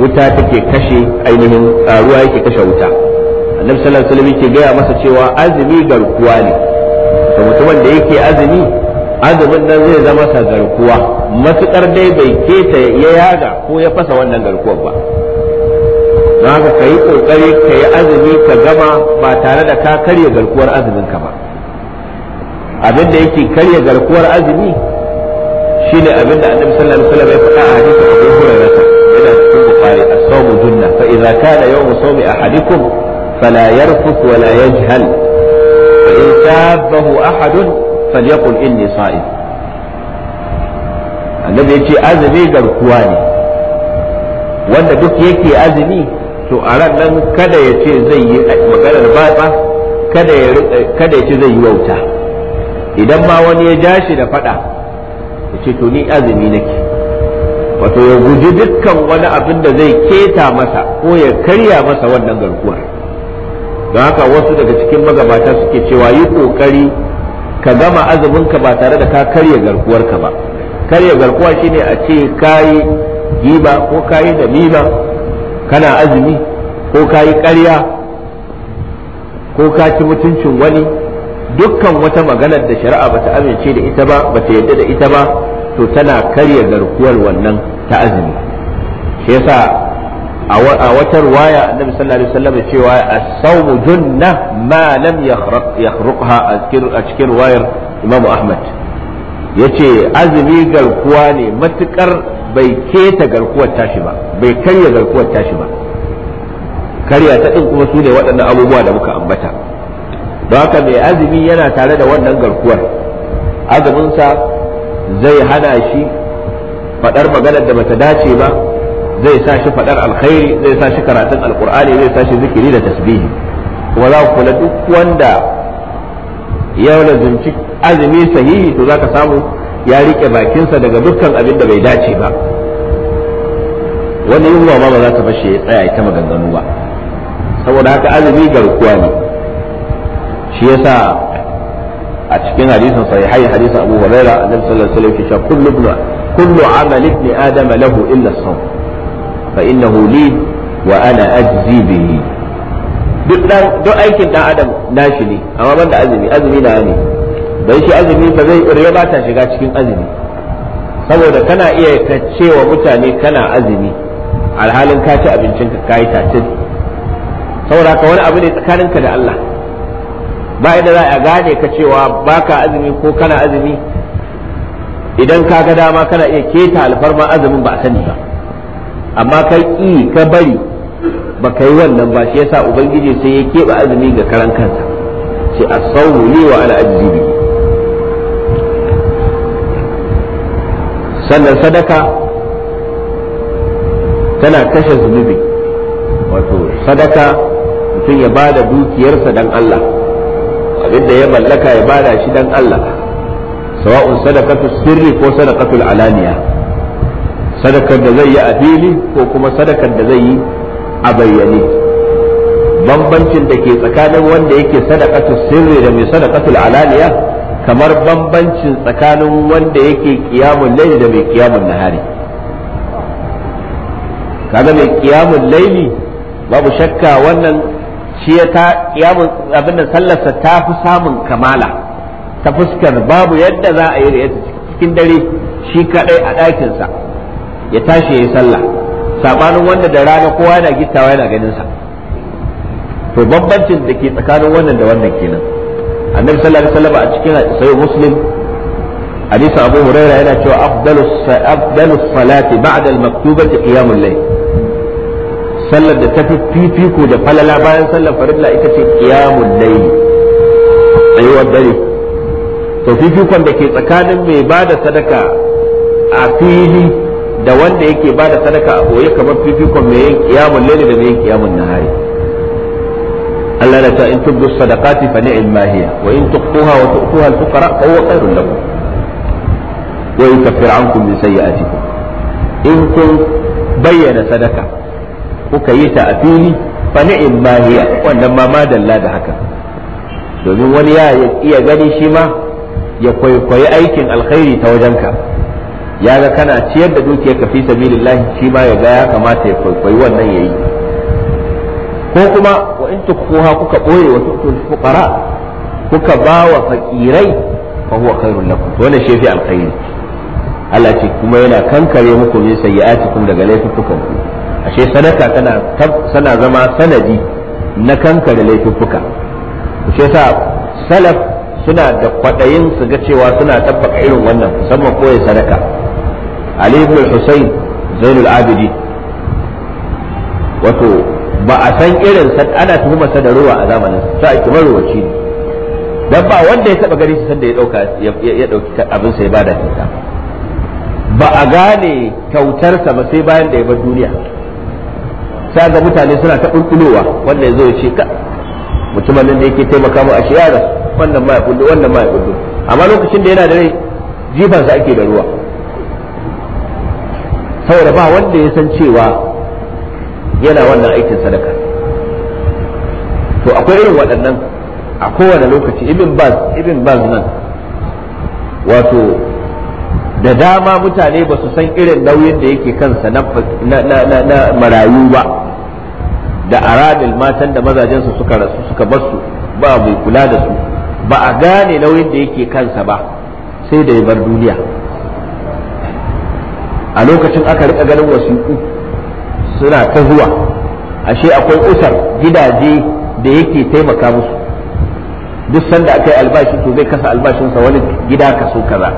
wuta take kashe ainihin ruwa yake kashe wuta annabi sallallahu alaihi wasallam yake gaya masa cewa azumi garkuwa ne to mutumin da yake azumi azumin nan zai zama sa garkuwa matukar dai bai keta ya yaga ko ya fasa wannan garkuwar ba don haka ka yi kokari ka azumi ka gama ba tare da ka karya garkuwar azumin ka ba abin da yake karya garkuwar azumi shine abin da annabi sallallahu alaihi wasallam ya faɗa a hadisin Abu Hurairah yana cikin Bukhari as-sawmu junna fa idza kana yawm sawmi ahadikum فلا يرفث ولا يجهل فإن سابه أحد فليقل إني صائم annabi ya ce azumi garkuwa ne wanda duk yake azumi to a ran nan kada ya ce zai yi maganar batsa kada ya ce zai yi wauta idan ma wani ya ja shi da fada ya ce to ni azumi nake wato ya guji dukkan wani abin da zai keta masa ko ya karya masa wannan garkuwar don haka wasu daga cikin magabata suke cewa yi kokari ka gama azuminka ba tare da ka karya garkuwarka ba karya garkuwa shine a ce kayi giba ko kayi namima kana azumi ko kayi karya ko ka ci mutuncin wani dukkan wata maganar da shari'a bata amince da ita ba bata yadda da ita ba to tana karya garkuwar wannan ta azumi shi yasa a wata ruwaya annabi sallallahu alaihi wasallam cewa as-sawmu junna ma lam yakhruqha a cikin ruwayar Imam Ahmad yace azumi garkuwa ne matukar bai keta garkuwar tashi ba bai karya garkuwar tashi ba karya ta din kuma su ne waɗannan abubuwa da muka ambata don haka mai azumi yana tare da wannan garkuwar azuminsa zai hana shi faɗar maganar da bata dace ba zai sa shi faɗar alkhairi zai sa shi karatun alkur'ani zai sa shi zikiri da tasbihi kuma za ku kula duk wanda ya lazumci azumi sahihi to za ka samu ya riƙe bakinsa daga dukkan abin da bai dace ba wani yunwa ma ba za ta bashi ya tsaya ta maganganu ba saboda haka azumi garkuwa ne shi yasa a cikin hadisin sahihai hadisin Abu Hurairah annabi sallallahu alaihi wasallam ya ce kullu kullu amali ibn adam lahu illa as-sawm fa innahu li wa ana ajzi bihi duk dan duk aikin dan adam nashi ne amma banda azumi azumi da ne bai shi azumi ba zai riya ba ta shiga cikin azumi saboda kana iya ka cewa mutane kana azumi alhalin ka ci abincin ka kai tatin saboda ka wani abu ne tsakaninka da Allah ba yadda za a gane ka cewa baka azumi ko kana azumi idan ka ga dama kana iya keta alfarma azumin ba a sani ba amma kai ƙi ka bari ba ka yi wannan ba shi yasa ubangiji sai ya keɓe azumi ga karan kansa sai a sauru ne wa ala sannan sadaka tana kashe zunubi wato sadaka mutum ya ba da dukiyarsa dan Allah abinda ya mallaka ya bada shi dan Allah sawa'un sadakatu sirri ko sadakatul alaniya sadakar da zai yi a fili ko kuma sadakar da zai yi a bayyane bambancin da ke tsakanin wanda yake sadakatu sirri da mai sadakatu alaniya kamar bambancin tsakanin wanda yake kiyamun laili da mai kiyamun nahari kaga mai kiyamun laili babu shakka wannan shi ya ta kiyamun abin da sallarsa ta fi samun kamala ta fuskar babu yadda za a yi da cikin dare shi kadai a ɗakinsa ya tashi ya yi sallah sabanin wanda da rana kowa yana gittawa yana ganin sa to bambancin da ke tsakanin wannan da wannan kenan annabi sallallahu alaihi wasallam a cikin sahih muslim hadisi abu huraira yana cewa afdalus afdalus salati ba'da al-maktubati qiyamul layl sallar da ta fi fifiko da falala bayan sallar farilla ita ce qiyamul layl tsayuwar dare to fifikon da ke tsakanin mai bada sadaka a fili da wanda yake ba da sadaka a boye kamar fifikon mai yin kiyamun laili da mai yin kiyamun nahari Allah la ta in tubdu sadaqati fa ni'al ma hiya wa in tuqtuha wa tu'tuha al-fuqara fa huwa khairun lakum wa yukaffir ankum min sayyi'atikum in kun bayyana sadaka kuka yi ta a fili fa ni'al mahiya wannan ma madalla da haka domin wani ya iya gani shi ma ya kwaikwayi aikin alkhairi ta wajenka ka ya ga kana ciyar da dukiyar ka fi sabilillahi shi ma ya ga ya kamata ya kwaikwayi wannan yayi ko kuma wa in kuka boye wa tukul fuqara kuka ba wa fakirai fa huwa khairul lakum to wannan shefi alkhairi Allah ce kuma yana kankare muku min sayyi'atikum daga laifukan ku ashe sadaka tana tana zama sanadi na kankare laifuka ashe sa salaf suna da kwaɗayin su ga cewa suna tabbaka irin wannan musamman koyi sadaka ali ibn al-husayn zainul abidi wato ba a san irin sa ana tuhuma sa da ruwa a zamanin sa ake maruwaci ne dan ba wanda ya taba gari shi sanda ya dauka ya dauki abin sa ya bada kyauta ba a gane kyautar sa ba sai bayan da ya bar duniya sai ga mutane suna ta kulkulowa wanda ya zo ya ce ka mutumin nan da yake taimaka mu a shiyara wannan ma ya kullu wannan ma ya kullu amma lokacin da yana da rai jifansa ake da ruwa saboda ba wanda ya san cewa yana wannan aikin sadaka to akwai irin waɗannan a kowane lokaci ibn baz ibn baz nan wato da dama mutane ba su san irin nauyin da yake kansa na marayu ba da aradil matan da mazajensu suka rasu suka basu ba mai kula da su ba a gane nauyin da yake kansa ba sai da ya bar duniya a lokacin aka rika ganin wasiƙu suna ta zuwa ashe akwai usar gidaje da yake taimaka musu duk sanda aka yi albashi to zai kasa albashinsa wani gida kaso kaza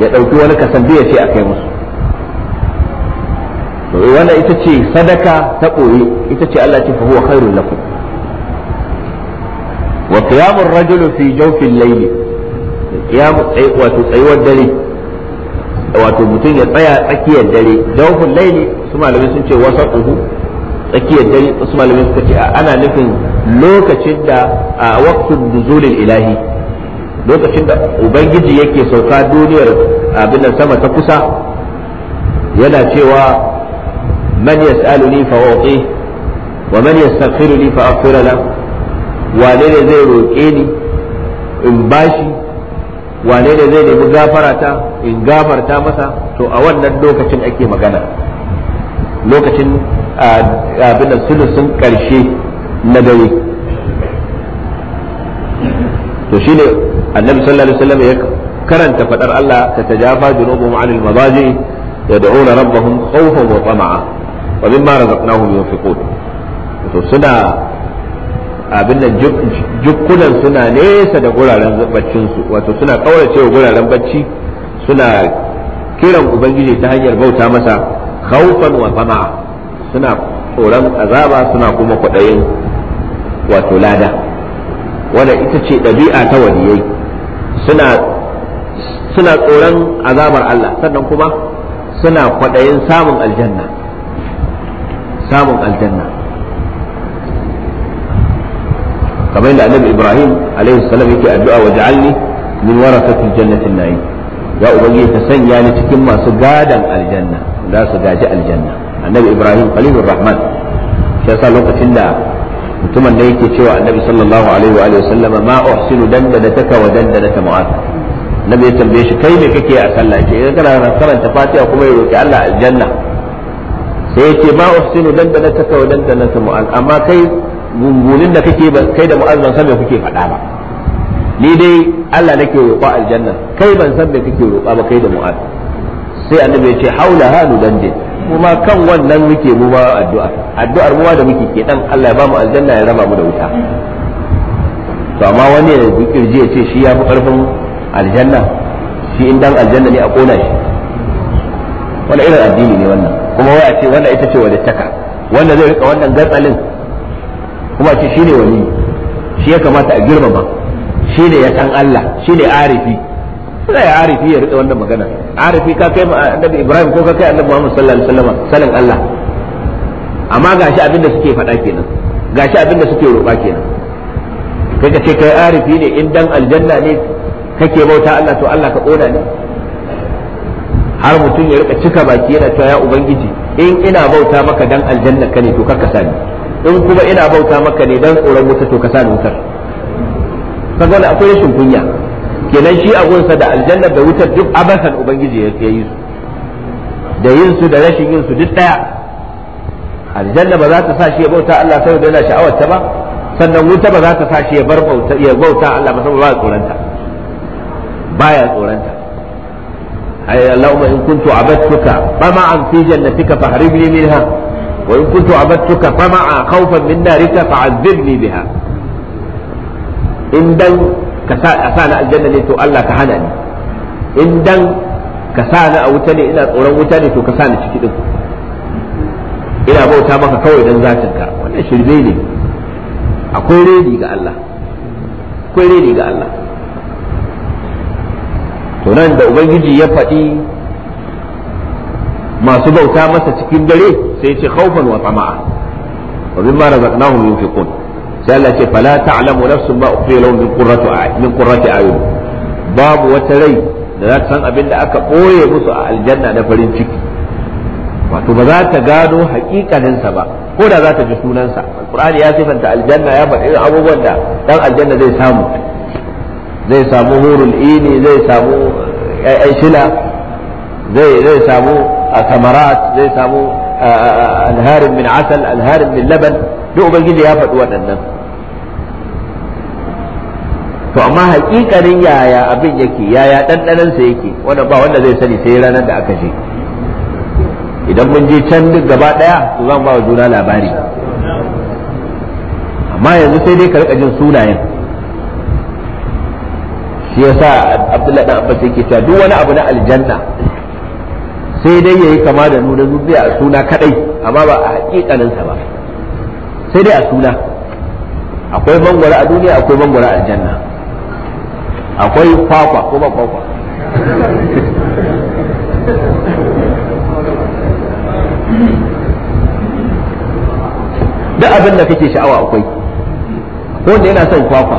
ya ɗauki wani kasan biya ce a kai musu to wannan ita ce sadaka ta ɓoye ita ce Allah ce fa huwa khairul lakum wa qiyamur rajul fi jawfil layl qiyam wato tsayuwar dare wato mutum ya tsaya tsakiyar dare dawhul laili su malamai sun ce wasa uhu tsakiyar dare su malamai suka ce ana nufin lokacin da a waqtun nuzulil ilahi lokacin da ubangiji yake sauka duniyar abin nan sama ta kusa yana cewa man yas'aluni fa uti wa man yastaghfiruni fa aghfir lahu wane ne zai roƙe ni in bashi wane ne zai nemi gafarata in gafarta masa to a wannan lokacin ake magana lokacin abin da sun karshe na gari. to ne annabi sallallahu alaihi wasallam ya karanta fadar Allah ta tajafa junubuhum anil madaji yad'una rabbahum khawfan wa tama'a wa mimma razaqnahum yunfiqun to suna abin da jukkunan suna nesa da guraren baccin su wato suna kaurace wa guraren bacci suna kiran ubangiji ta hanyar bauta masa khaufan wa tama'a suna tsoron azaba suna kuma kwaɗayin wato lada wanda ita ce dabi'a ta waliyai suna suna tsoron azabar Allah sannan kuma suna kwaɗayin samun aljanna samun aljanna kamar yadda annabi ibrahim alaihi salam yake addu'a wa ja'alni min warasatil jannati na'im ya ubangiji ta sanya ni cikin masu gadan aljanna za su gaji aljanna annabi ibrahim khalilur rahman shi yasa lokacin da mutumin da yake cewa annabi sallallahu alaihi wa sallama ma uhsinu dandanataka wa dandanata mu'az annabi ya tambaye shi kai me kake a sallah ke idan kana karanta fatiha kuma ya roki Allah aljanna sai yake ma uhsinu dandanataka wa dandanata mu'az amma kai gungunin da kake kai da mu'azz ban san me kuke faɗa ba ni dai Allah nake roƙo aljanna kai ban san me kake roƙa ba kai da mu'azz sai annabi ya ce haula hanu dande kuma kan wannan muke mu ba addu'a addu'ar mu da muke ke dan Allah ya ba mu aljanna ya raba mu da wuta to amma wani ya kirji ya ce shi ya fi karfin aljanna shi in dan aljanna ne a kona shi wani irin addini ne wannan kuma wai a ce wannan ita ce walittaka wanda zai rika wannan gatsalin kuma ce ne wani shi ya kamata a girmama ne ya san Allah shi ne arifi suna ya arifi ya rika wannan magana arifi ka kai annabi Ibrahim ko ka kai annabi Muhammad sallallahu alaihi wasallam salin Allah amma gashi abin da suke faɗa kenan gashi abin da suke roƙa kenan kai ka ce kai arifi ne in dan aljanna ne kake bauta Allah to Allah ka ƙona ne har mutum ya rika cika baki yana cewa ya ubangiji in ina bauta maka dan aljanna ka ne to ka sani in kuma ina bauta maka ne dan tsoron wuta to ka sa wutar kaga wani akwai rashin kunya kenan shi agunsa da aljanna da wutar duk abasan ubangiji ya yi su da yin su da rashin yin su duk daya aljanna ba za ta sa shi ya bauta Allah saboda yana sha'awar ta ba sannan wuta ba za ta sa shi ya bar bauta ya bauta Allah ba saboda baya tsoranta baya tsoranta ay Allahumma in kuntu abadtuka fama an fi jannatika fahribni minha wa in kuntu abattuka fama'a khawfan min narika fa'azzibni biha in dan ka sa a na aljanna ne to Allah ka hana ni in dan ka sa na a wuta ne ina tsoron wuta ne to ka sa ni ciki din ina bauta maka kawai dan zatin ka shirme ne akwai redi ga Allah akwai redi ga Allah to nan da ubangiji ya faɗi masu bauta masa cikin dare sai ce khawfan wa tama'a wa mimma razaqnahum yunfiqun sai Allah ce fala ta'lamu nafsun ma ukhfiya lahum min qurrati min qurrati ayun babu wata rai da za ta san abin da aka boye musu a aljanna na farin ciki wato ba za ta gano hakikanin sa ba ko da za ta ji sunansa alqur'ani ya sifanta aljanna ya faɗi irin abubuwan da dan aljanna zai samu zai samu hurul ini zai samu ƴaƴan eh, eh, shila zai samu a samarat zai samu alharin min asal alharin min laban duk ubangiji ya faɗi waɗannan to amma hakikanin yaya abin yake yaya sa yake wanda ba wanda zai sani sai ranar da aka je idan mun je can duk gaba ɗaya to zan ba wa juna labari amma yanzu sai dai ka rika jin sunayen shi yasa abdullahi dan abbas yake cewa duk wani abu na aljanna sai dai yayi kama da nuna zuciya a suna kadai amma ba a hakikaninsa sa ba sai dai a suna akwai mangwara a duniya akwai mangwara a janna akwai kwakwa ko ba kwakwa da abin da kake sha'awa akwai ko wanda yana son kwakwa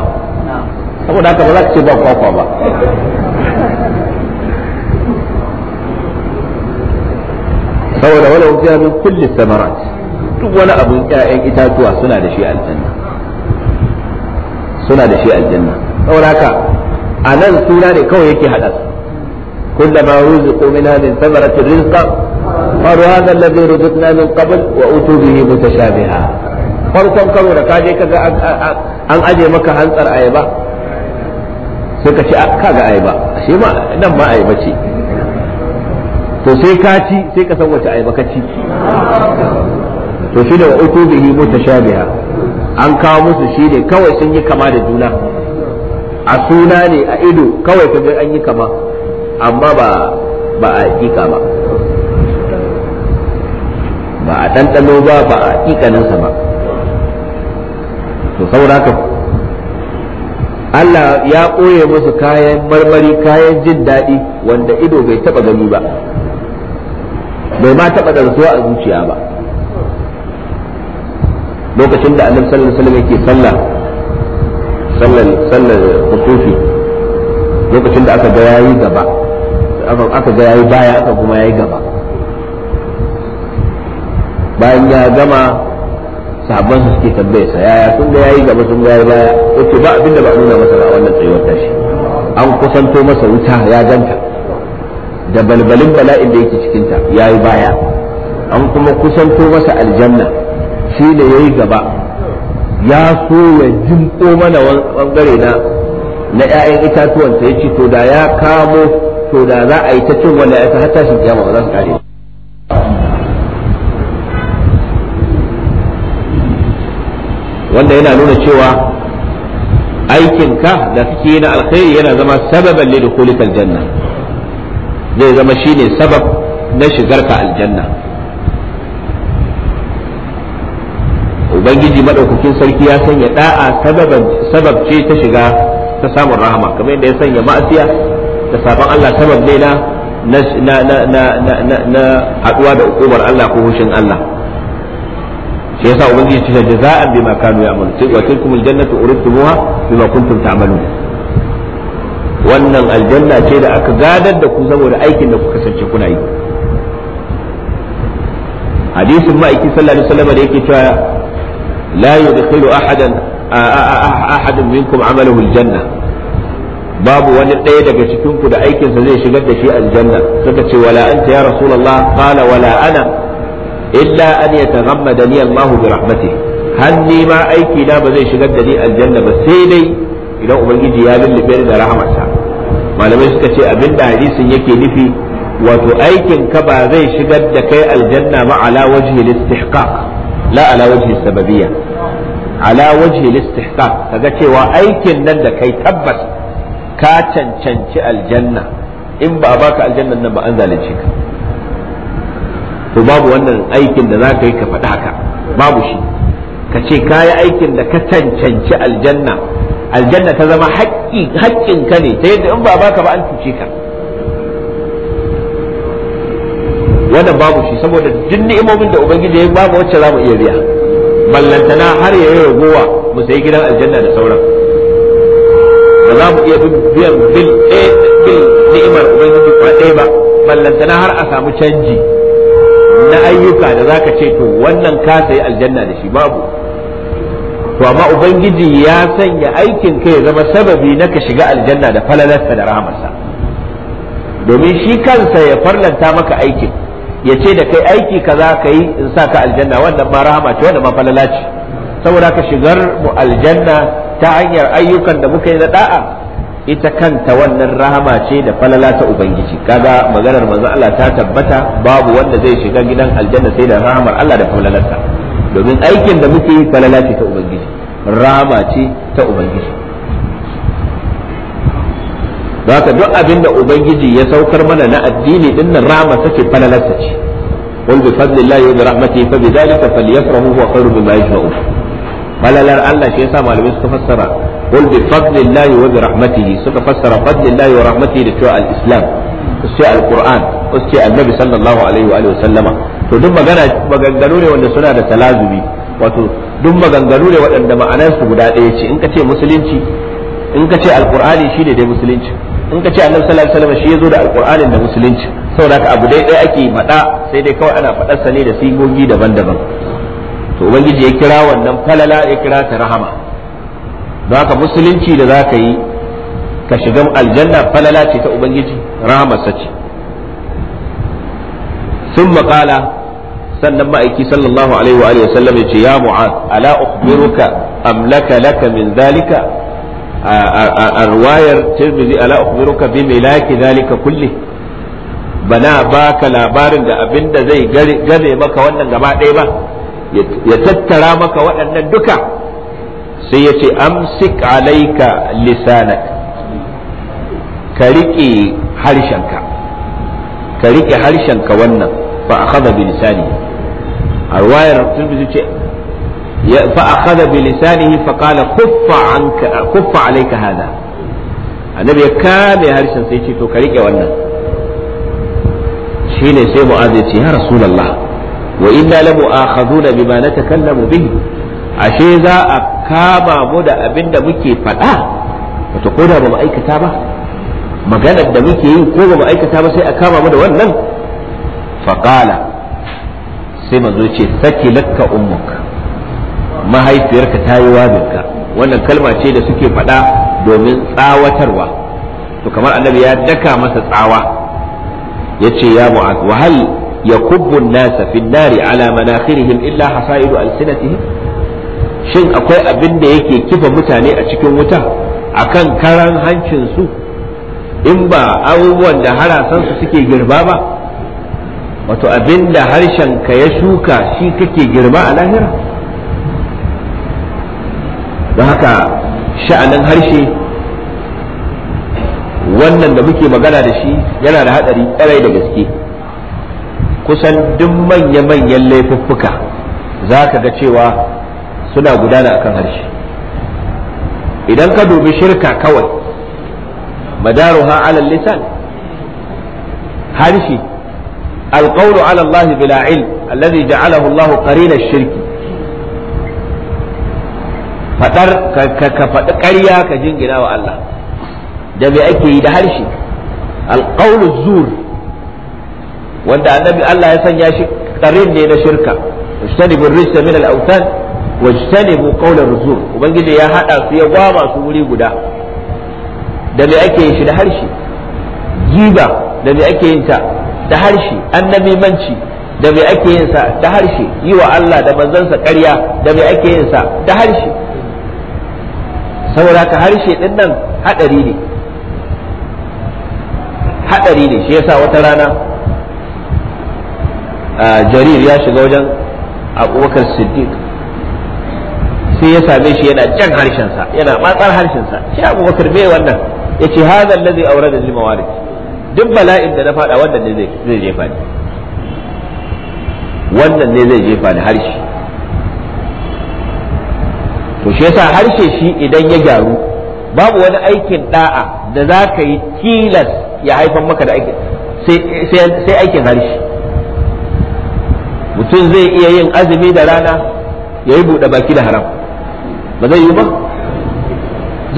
saboda haka ba za ka ce ba kwakwa ba saboda wala fiha min kulli samarat duk wani abun ƴaƴan itatuwa suna da shi aljanna suna da shi aljanna saboda haka a nan suna ne kawai yake hada su كلما رزقوا منها من ثمرة الرزق قالوا هذا الذي رزقنا من قبل وأتوا به متشابها farkon karo da kaje kaga an aje maka hantsar ayaba suka ce ah, kaga ayaba ashe ma nan ma ayaba ce to sai ka ci sai ka san wace ayaba ka ci to shi da uku bihi mutashabiha an kawo musu shi ne kawai sun yi kama da juna a suna ne a ido kawai kaje an yi kama amma ba ba a hakika ba ba a ɗanɗano ba ba a sa ba to saboda Allah ya ɓoye musu kayan marmari kayan jin daɗi wanda ido bai taɓa gani ba bai ma taɓa rasuwa a zuciya ba lokacin da annabi sallallahu alaihi wasallam yake sallah sallar sallar kusufi lokacin da aka ga yayi gaba aka ga yayi baya aka kuma yayi gaba bayan ya gama sahabban su suke tambaye sa yaya sun da yayi gaba sun ga yayi baya yace ba abinda ba nuna masa ba wannan tsayuwar tashi an kusanto masa wuta ya ganta da balbalin bala'in da yake cikinta ya yi baya an kuma kusanto masa aljanna shi da ya yi gaba ya so ya jimko mana bangare na na 'ya'yan itatuwansa ya ce to da ya kamo to da za a yi ta cin wanda ya ta har shi kiyama ba za su kare wanda yana nuna cewa aikinka da kake yi na alkhairi yana zama sababan lidukulikal janna zai zama shine sabab na shigarka aljanna ubangiji madaukakin sarki ya sanya da'a sabab ce ta shiga ta samun rahama kamar yadda ya sanya ma'asiya da sabon Allah sabab ne na na na da hukumar Allah ko hushin Allah shi yasa ubangiji ce bi jaza'an bima kanu ya'malu tilkum aljannatu uridtumuha bima kuntum ta'malun wannan aljanna ce da aka gadar da ku saboda aikin da kuka kasance kuna yi hadisin ma'aiki sallallahu alaihi wasallam da yake cewa la yudkhilu ahadan ahadun minkum amalahu aljanna babu wani ɗaya daga cikin ku da aikinsa zai shigar da shi aljanna suka ce wala anta ya rasulullah qala wala ana illa an yataghammadani Allah bi rahmatihi hanni ma aiki na ba zai shigar da ni aljanna ba sai dai idan ubangiji ya lullube ni da rahamarsa malamai suka ce abinda hadisin yake nufi wato aikin ka ba zai shigar da kai aljanna ba ala wajhi istihqaq la ala wajhi sababiyya ala wajhi istihqaq kaga cewa aikin nan da kai tabbas ka cancanci aljanna in ba a baka aljannan nan ba an zalunce ka to babu wannan aikin da zaka yi ka faɗa haka babu shi ka ce kayi aikin da ka cancanci aljanna aljanna ta zama haƙƙin ka ne ta yadda in ba baka ba an cuce ka wannan babu shi saboda duk ni'imomin da ubangiji ya babu wacce za mu iya biya ballantana har ya yi ragowa mu sayi gidan aljanna da sauran ba za mu iya biyan bil eh, ni'imar ubangiji kwa ɗaya ba ballantana har a samu canji na ayyuka da zaka ce to wannan ka sayi aljanna da shi babu to amma ubangiji ya sanya aikin ka ya zama sababi na ka shiga aljanna da falalarsa da rahamarsa domin shi kansa ya farlanta maka aikin ya ce da kai aiki kaza ka yi in sa ka aljanna wannan ma rahama ce wannan ma falala ce saboda ka shigar mu aljanna ta hanyar ayyukan da muka yi na da'a ita kanta wannan rahama ce da falala ta ubangiji kaga maganar manzon Allah ta tabbata babu wanda zai shiga gidan aljanna sai da rahamar Allah da falalarsa domin aikin da muke yi falala ce ta rama ce ta ubangiji haka duk abin da ubangiji ya saukar mana na addini din nan rama take falalarsa ce qul bi fadlillahi wa bi rahmatihi fa bidhalika falyafrahu huwa khairu mimma yajma'un falalar Allah shi yasa malamai suka fassara qul bi fadlillahi wa bi rahmatihi suka fassara fadlillahi wa rahmatihi da cewa al-islam su al-qur'an su annabi sallallahu alaihi wa sallama to duk magana maganganu ne wanda suna da talazumi wato duk maganganu ne waɗanda ma'anarsu guda ɗaya ce in ka ce musulunci in ka ce alqur'ani shine dai musulunci in ka ce annabi sallallahu alaihi wasallam shi yazo da alqur'anin da musulunci saboda ka abu dai ɗaya ake faɗa sai dai kawai ana faɗar sa ne da sigogi daban-daban to ubangiji ya kira wannan falala ya kira ta rahama don haka musulunci da za ka yi ka shiga aljanna falala ce ta ubangiji rahama sace sun maƙala sannan ma'aiki sallallahu alaihi wa alihi wasallam yace ya mu'az ala ukhbiruka amlaka laka min zalika a ruwayar tirmidhi ala ukhbiruka bi milaki zalika kulli bana baka labarin da abinda zai gane maka wannan gaba ɗaya ba ya tattara maka waɗannan duka sai ya ce amsik alaika lisanak ka riƙe harshenka ka riƙe harshenka wannan fa akhadha bi lisani a ruwayar turmizi ce fa akhadha bi lisanihi fa kuffa anka kuffa hada annabi ya kame harshen sai ce to ka rike wannan shine sai mu'az ya ce ya rasulullah wa inna la mu'akhaduna bima natakallamu bihi ashe za a kama mu da abinda muke faɗa wato ko da ba aikata ba maganar da muke yi ko ba mu aikata ba sai a kama mu da wannan faqala sai mazo ce lakka ummuk mahaifiyarka ta yi wabinka wannan kalma ce da suke faɗa domin tsawatarwa to kamar annabi ya daka masa tsawa ya ce ya mu'az wa hal yakubbu an-nasa fi an-nari ala manakhirihim illa hasaidu alsinatihim shin akwai abin da yake kifa mutane a cikin wuta akan karan hancinsu in ba abubuwan da harasansu suke girba ba wato abinda harshen ka ya shuka shi kake girma a lahira don haka sha'anin harshe wannan da muke magana da shi yana da haɗari ƙarai da gaske kusan duk manya-manyan laifuffuka za ka ga cewa suna gudana akan harshe idan ka dubi shirka kawai madaruha alal lisan harshe القول على الله بلا علم الذي جعله الله قرين الشرك fadar ka faɗi ƙarya jingina wa Allah da me ake da harshe alƙaulu zur wanda annabi Allah ya sanya shi ƙarin ne na shirka ijtanibul rijsa min al-awtan wa ijtanibu qawla zur ubangiji ya haɗa su ya gwama su wuri guda da me ake shi da harshe giba da me ake yin ta da harshe manci da mai ake yin sa da harshe yi wa Allah da manzansa ƙarya da mai ake yin sa da harshe saboda ka harshe din nan hadari ne hadari ne shi yasa wata rana jarir ya shiga wajen abubakar siddiq sai ya same shi yana jan harshensa yana matsar harshensa shi abubakar me wannan yace hadha allazi awrada lil mawarid duk bala'in da na faɗa wannan ne zai jefa ni wannan ne zai jefa ni harshe to shi yasa harshe shi idan ya gyaru babu wani aikin da'a da za ka yi tilas ya haifan maka da aikin sai aikin harshe mutum zai iya yin azumi da rana ya yi buɗe baki da haram ba zai yi ba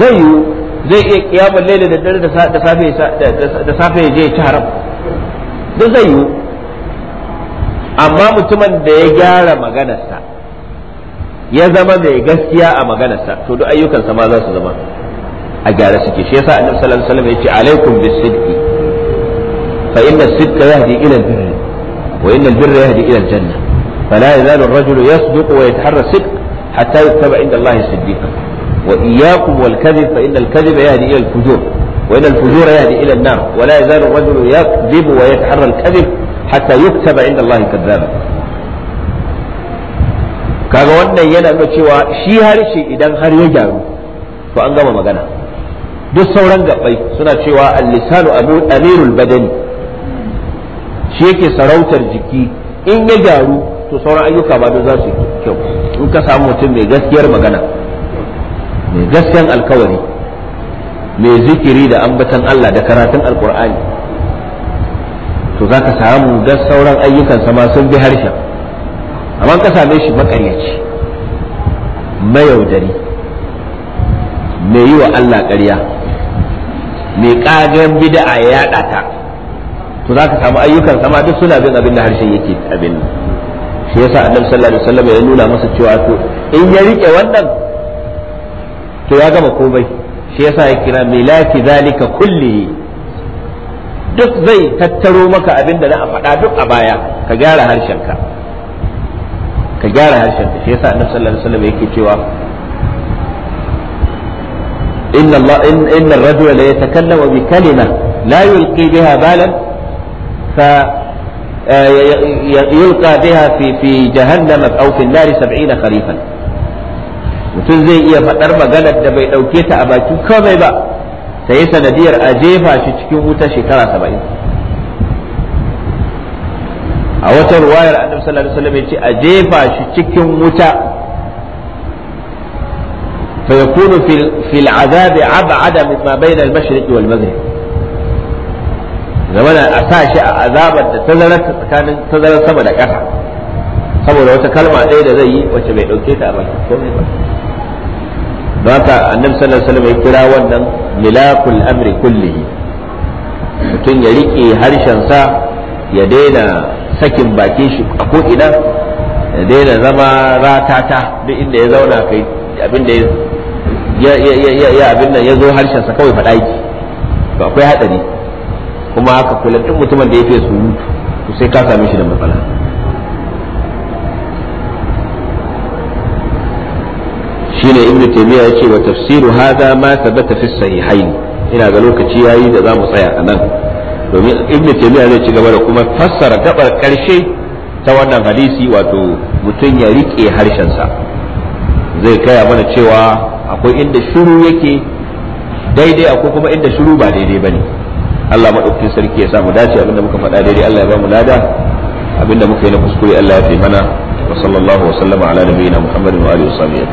zai yi zai iya kiyamun laila da dare da safe da ya je ya ci haram duk zai yiwu amma mutumin da ya gyara maganarsa ya zama mai gaskiya a maganarsa to duk ayyukansa ma za su zama a gyara suke shi yasa annabi sallallahu alaihi wasallam yace alaikum bis fa inna as-sidqa yahdi ila al wa inna al-birra yahdi ila al-janna fala yazalu ar-rajulu yasduqu wa yataharra as-sidq hatta yuktaba inda Allah siddiqan وإياكم والكذب فإن الكذب يهدي إلى الفجور وإن الفجور يهدي إلى النار ولا يزال الرجل يكذب ويتحرى الكذب حتى يكتب عند الله كذابا kaga wannan yana nuna cewa shi harshe idan har ya gyaru to an gama magana duk sauran gabbai suna cewa al-lisanu amirul badani shi yake sarautar jiki in ya gyaru to sauran ayyuka ba za su kyau in ka samu mutum mai gaskiyar magana mai gasken alkawari mai zikiri da ambatan Allah da karatun alkur'ani to za ka samu da sauran ayyukansa ma sun bi harshen amma ka same shi makaryaci mayaudari mai yi wa Allah ƙarya mai ƙagen bida'a ya yaɗa ta to za ka samu ayyukan sama duk suna bin abin da harshen yake abin shi yasa annabi sallallahu alaihi wasallam ya nuna masa cewa to in ya rike wannan to ya gama komai shi yasa ya kira milaki zalika kulli duk zai tattaro maka abin da na faɗa duk a baya ka gyara harshenka ka gyara harshenka shi yasa annabi sallallahu alaihi wasallam yake cewa إن الله إن, إن الرجل ليتكلم بكلمة لا يلقي بها بالا فيلقى بها في في جهنم أو في النار سبعين خريفا mutum zai iya faɗar maganar da bai ɗauke ta a baki kawai ba ta yi sanadiyar a jefa shi cikin wuta shekara saba'in a wata ruwayar annabi sallallahu alaihi wasallam ya ce a jefa shi cikin wuta fa yakunu fil azabi ab'ada mimma bayna al-mashriq wal maghrib zamana a sa shi a azabar da tazarar tsakanin tazarar sama da ƙasa saboda wata kalma ɗaya da zai yi wacce bai ɗauke ta a baki komai ba da haka annabi sallallahu alaihi wasallam ya kira wannan milakul amri kullihi mutum ya rike harshen sa ya daina sakin bakin shi a ko ina ya daina zama ratata duk inda ya zauna kai abin da ya ya abin ya zo harshen sa kawai faɗa yake to akwai hadari kuma haka kullum mutumin da yake surutu to sai ka same shi da matsala shine ibnu taymiya ce wa tafsiru haza ma thabata fi sahihain ina ga lokaci yayi da zamu tsaya anan domin ibnu taymiya zai ci gaba da kuma fassara gabar karshe ta wannan hadisi wato mutum ya rike harshen sa. zai kaya mana cewa akwai inda shiru yake daidai akwai kuma inda shiru ba daidai bane Allah madaukakin sarki ya samu dace abinda muka faɗa daidai Allah ya ba mu lada abinda muka yi na kuskure Allah ya fi mana wa wa sallama ala nabiyina Muhammadin wa alihi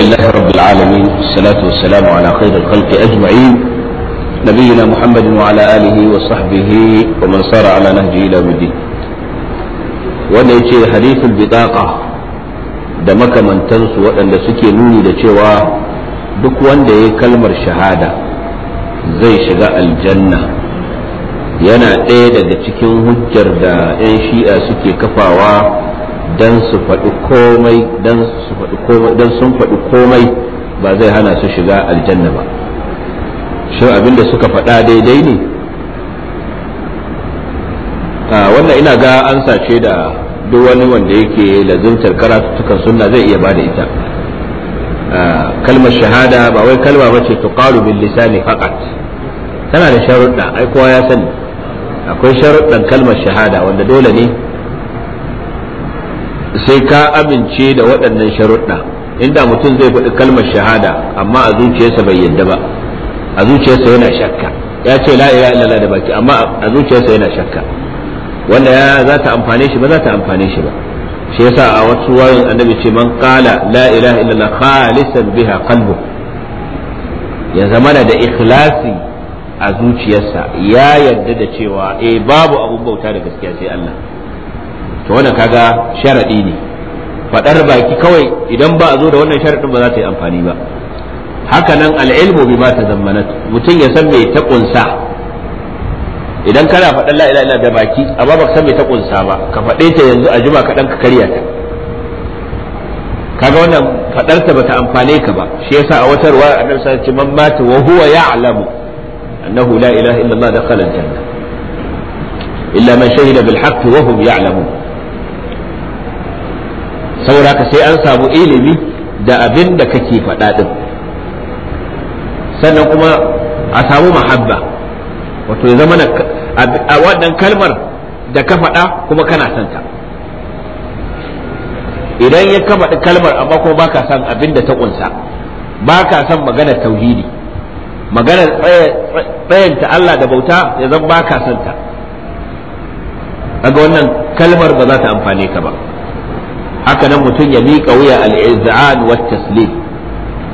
لله رب العالمين والصلاة والسلام على خير الخلق أجمعين نبينا محمد وعلى آله وصحبه ومن سار على نهجه إلى مدين wanda yace ce hadithul bitaqa da makamantansu waɗanda suke nuni da cewa duk wanda ya kalmar shahada zai shiga aljanna yana ɗaya daga cikin hujjar da 'yan shi'a suke kafawa dan sun faɗi komai ba zai hana su shiga aljanna ba shin abinda suka faɗa daidai ne wannan ina ga an sace da duk wani wanda yake lazimtar karatukan sunna zai iya bada ita kalmar shahada ba wai kalma bace ƙaru bil lisani faqat tana da sharuɗa ai kowa ya sani akwai sharuɗan kalmar shahada wanda dole ne sai ka amince da waɗannan sharuɗa inda mutum zai faɗi kalmar shahada amma a zuciyarsa bai yadda ba a zuciyarsa yana shakka ya ce la ilaha illallah da baki amma a zuciyarsa yana shakka wanda ya za ta amfane shi ba za ta amfane shi ba shi yasa a wasu wayoyin annabi ce man qala la ilaha illallah khalisan biha qalbu ya zamana da ikhlasi a zuciyarsa ya yadda da cewa eh babu abun bauta da gaskiya sai Allah to wannan kaga sharadi ne fadar baki kawai idan ba a zo da wannan sharadin ba za ta yi amfani ba haka nan al'ilmu bi ma tazammanat mutum ya san me ta kunsa idan kana faɗan la ilaha da baki amma baka san me ta kunsa ba ka faɗe ta yanzu a jima kaɗan ka karya ta kaga wannan fadar ta bata amfane ka ba shi yasa a wata ruwa a nan alaihi wasallam mata wa huwa ya'lamu annahu la ilaha illa Allah dakhala al-janna illa man shahida bil haqq wa hum ya'lamun saboda ka sai an samu ilimi da abin da kake faɗa din sannan kuma a samu mahabba wato ya zama a wannan kalmar da ka faɗa kuma kana son ta idan ya kama da kalmar amma kuma ka son abin da ta ƙunsa ka son maganar tauhidi maganar tsayanta Allah da bauta ya zan ka son ta daga wannan kalmar ba za ta amfane ka ba haka nan mutum ya miƙa wuya al wa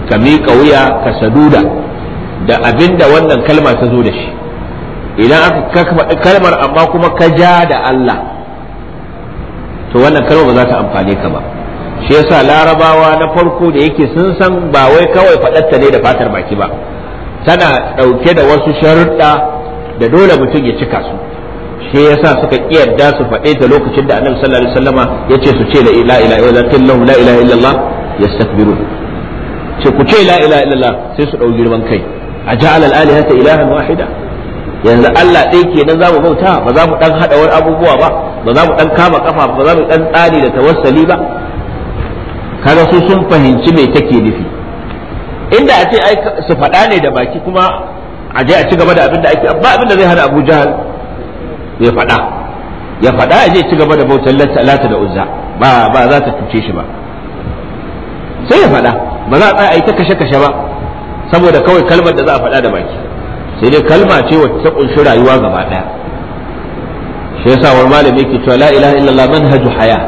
ka miƙa wuya ka saduda da abinda wannan kalma ta zo da shi idan aka kalmar amma kuma ka ja da Allah to wannan kalmar ba za ta amfane ka ba shi yasa larabawa na farko da yake sun san ba wai kawai faɗatta ne da fatar baki ba tana ɗauke da wasu sharuɗa da dole mutum ya cika su shi sa suka kiyarda su faɗe ta lokacin da annabi sallallahu alaihi wasallama ce su ce la ila ilaha illa Allah qul la ila illa Allah yastakbirun ce ku ce la ila illa Allah sai su dau girman kai a ja'ala al alihata ilahan wahida yanzu Allah ɗaya kenan za mu bauta ba za mu dan hada wani abubuwa ba ba za mu dan kama kafa ba za mu dan tsari da tawassali ba kaga su sun fahimci me take nufi inda a ce ai su faɗa ne da baki kuma a je a ci gaba da abin da ake ba abin da zai hana Abu Jahal ya faɗa ya faɗa ya je ci gaba da bautar lata da uzza ba ba za ta cuce shi ba sai ya faɗa ba za a tsaya a yi ta kashe kashe ba saboda kawai kalmar da za a faɗa da baki sai dai kalma ce wacce ta kunshi rayuwa gaba ɗaya shi yasa wani malami yake cewa la ilaha illallah manhaju haya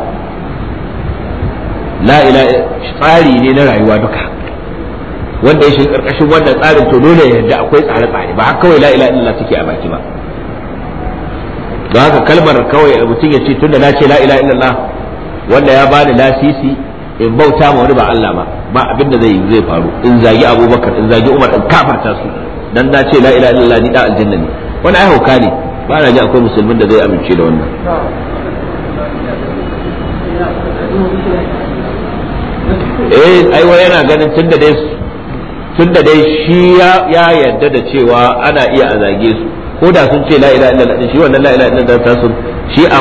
la ilaha tsari ne na rayuwa duka wanda ya shi karkashin wannan tsarin to dole ya yarda akwai tsare-tsare ba haka kawai la ilaha illallah take a baki ba don haka kalmar kawai mutum ya ce da na ce la ilaha illallah wanda ya bani lasisi in bauta ma wani ba Allah ba ba abin da zai zai faru in zagi Abubakar in zagi Umar in kafarta su dan na ce la ilaha illallah ni da aljanna ne wani ai hauka ne ba na ji akwai musulmin da zai amince da wannan eh ai yana ganin da dai da dai shi ya yarda da cewa ana iya a zage su ko da sun ce la ilaha illallah shi wannan la ilaha da ta sun shi a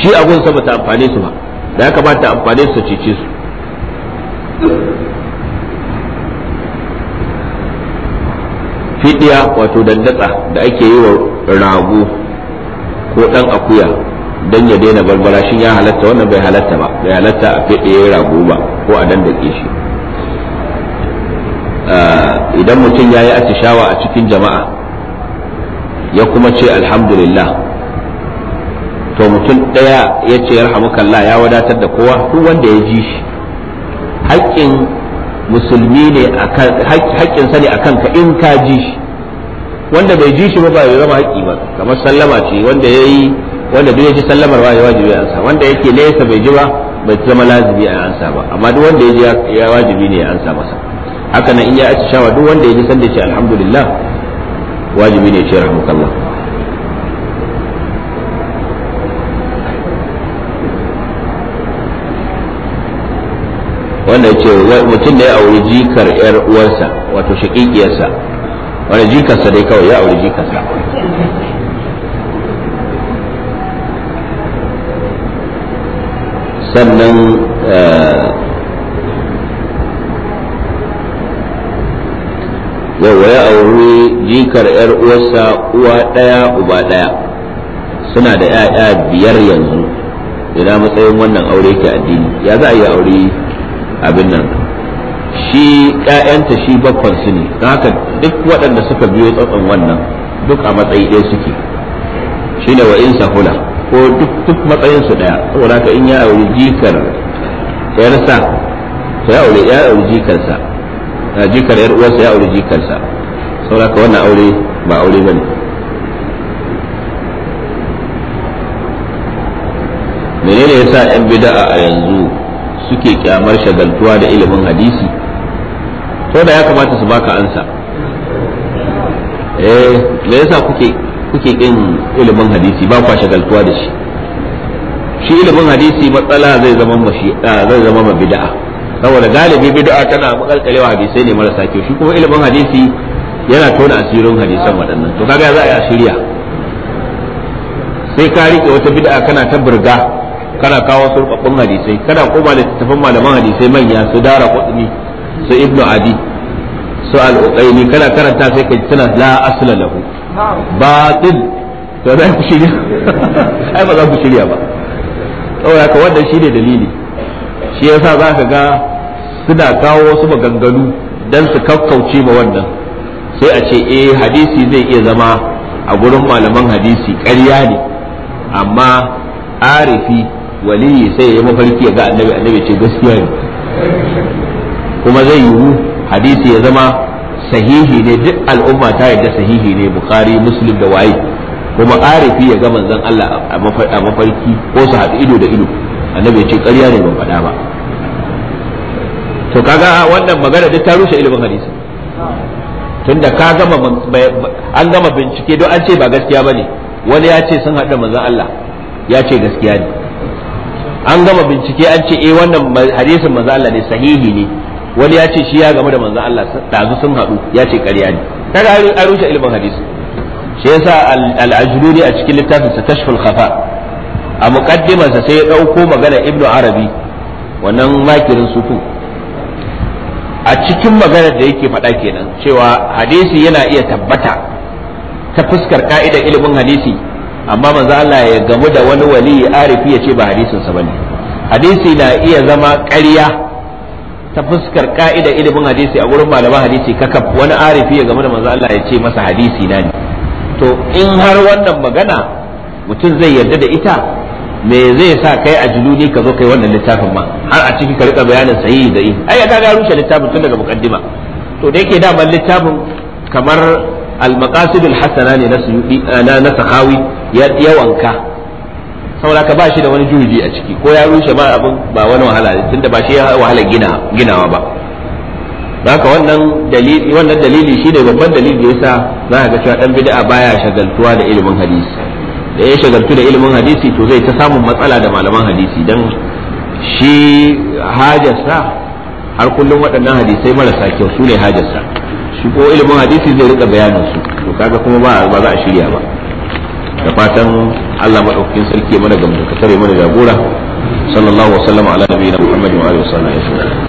shi gun sa bata amfane su ba da ya kamata amfane su cece su fidiya wato dandatsa da ake yi wa rago ko dan akuya dan ya daina barbara shin ya halatta wannan bai halatta ba bai halatta a fidiye rago ba ko a dandake shi ah, idan mutum ya yi atishawa a cikin jama'a ya kuma ce alhamdulillah to mutum ɗaya ya ce yarhamukallah ya wadatar da kowa duk wanda ya ji shi haƙƙin musulmi ne haƙƙin sani a kanka in ka ji shi wanda bai ji shi ba ba zama haƙƙi ba kamar sallama ce wanda ya yi wanda duk ya ji sallamar ba ya wajibi ansa wanda yake nesa bai ji ba bai zama lazimi a ansa ba amma duk wanda ya ji ya wajibi ne ya ansa masa haka nan in ya aci shawa duk wanda ya ji sanda ce alhamdulillah wajibi ne ce rahmukallah wanda ce mutum da ya auri jikar yar uwarsa wato shaƙiƙiyarsa wanda jikarsa dai kawai ya auri jikarsa sannan eh, yau ya auri jikar yar uwarsa uwa ɗaya uba ɗaya suna da ‘ya'ya biyar yanzu ina matsayin wannan aure ke addini ya za a yi aure abin nan shi ‘ya'yanta shi bakwan su ne haka duk waɗanda suka biyo tsotson wannan duk a matsayi ɗaya suke shi ne wa in sahula ko duk matsayin su ɗaya saboda haka in ya auri jikar ‘yarsa to ya aure ya auri jikarsa jikar yar uwarsa ya aure jikarsa ka wannan aure ba aure bane menene yasa yan bid'a a yanzu suke kyamar shagaltuwa da ilimin hadisi to da ya kamata su baka ansa eh me yasa kuke kuke kin ilimin hadisi ba kwa shagaltuwa da shi shi ilimin hadisi matsala zai zama mashi zai zama bid'a saboda galibi bid'a tana makalkalewa hadisai ne marasa kyau shi kuma ilimin hadisi yana tona asirin hadisan waɗannan to kaga za a yi asiriya sai ka rike wata bid'a kana ta burga kana kawo surbabbun hadisai kana koma da tafin malaman hadisai manya su dara kudni su ibnu adi su al kana karanta sai ka tana la asla lahu batil to da ku shirya ai ba za ku shirya ba kawai ka wannan ne dalili shi yasa za ka ga suna kawo wasu maganganu don su kakkauce ma wannan sai a ce eh hadisi zai iya zama a gurin malaman hadisi ƙarya ne amma arifi waliyi sai ya mafarki ga annabi annabi ce gaskiya ne kuma zai yiwu hadisi ya zama sahihi ne duk al'umma ta yadda sahihi ne bukari muslim da waye kuma arifi ya ga manzon Allah a mafarki ko su haɗu ido da ido annabi ya ce ƙarya ne ban faɗa ba to kaga wannan magana duk ta rushe ilimin hadisi tunda ka gama an gama bincike don an ce ba gaskiya bane wani ya ce sun haɗa manzon Allah ya ce gaskiya ne an gama bincike an ce eh wannan hadisin manzon Allah ne sahihi ne wani ya ce shi ya gama da manzon Allah dazu sun haɗu ya ce ƙarya ne kaga an rushe ilimin hadisi shi yasa al ajruri a cikin littafin sa kashful khafa a muqaddimarsa sai ya dauko magana ibnu arabi wannan makirin sufu a cikin maganar da yake faɗa kenan cewa hadisi yana iya tabbata ta fuskar ka'idar ilimin hadisi amma manzo Allah ya gamu da wani wali arifi ya ce ba hadisin sa bane hadisi na iya zama ƙarya ta fuskar ka'idar ilimin hadisi a gurin malaman hadisi kakaf wani arifi ya gamu da manzo Allah ya ce masa hadisi na ne to in har wannan magana mutum zai yarda da ita me zai sa kai a juludi ka zo kai wannan littafin ma har a ciki ka bayanin sayi da yi ai ka ga rushe littafin tun daga mukaddima to da yake daman littafin kamar al-maqasid al-hasana ne na suyudi eh, na na sahawi ya yawanka saboda ka ba shi da wani juji a ciki ko ya rushe ma abin ba wani wahala ne tunda ba shi ya wahala gina ginawa ba haka wannan dalili wannan dalili shi ne babban dalili da yasa za ka ga cewa dan bid'a baya shagaltuwa da ilimin hadisi da ya shagaltu da ilimin hadisi to zai ta samun matsala da malaman hadisi don shi hajarsa har kullum waɗannan hadisai marasa kyau su ne hajarsa shi ko ilimin hadisi zai rika bayanin su to kaga kuma ba ba za a shirya ba da fatan Allah madaukakin sarki mana ga mana jagora sallallahu alaihi wa sallam ala nabiyina muhammadin wa alihi wa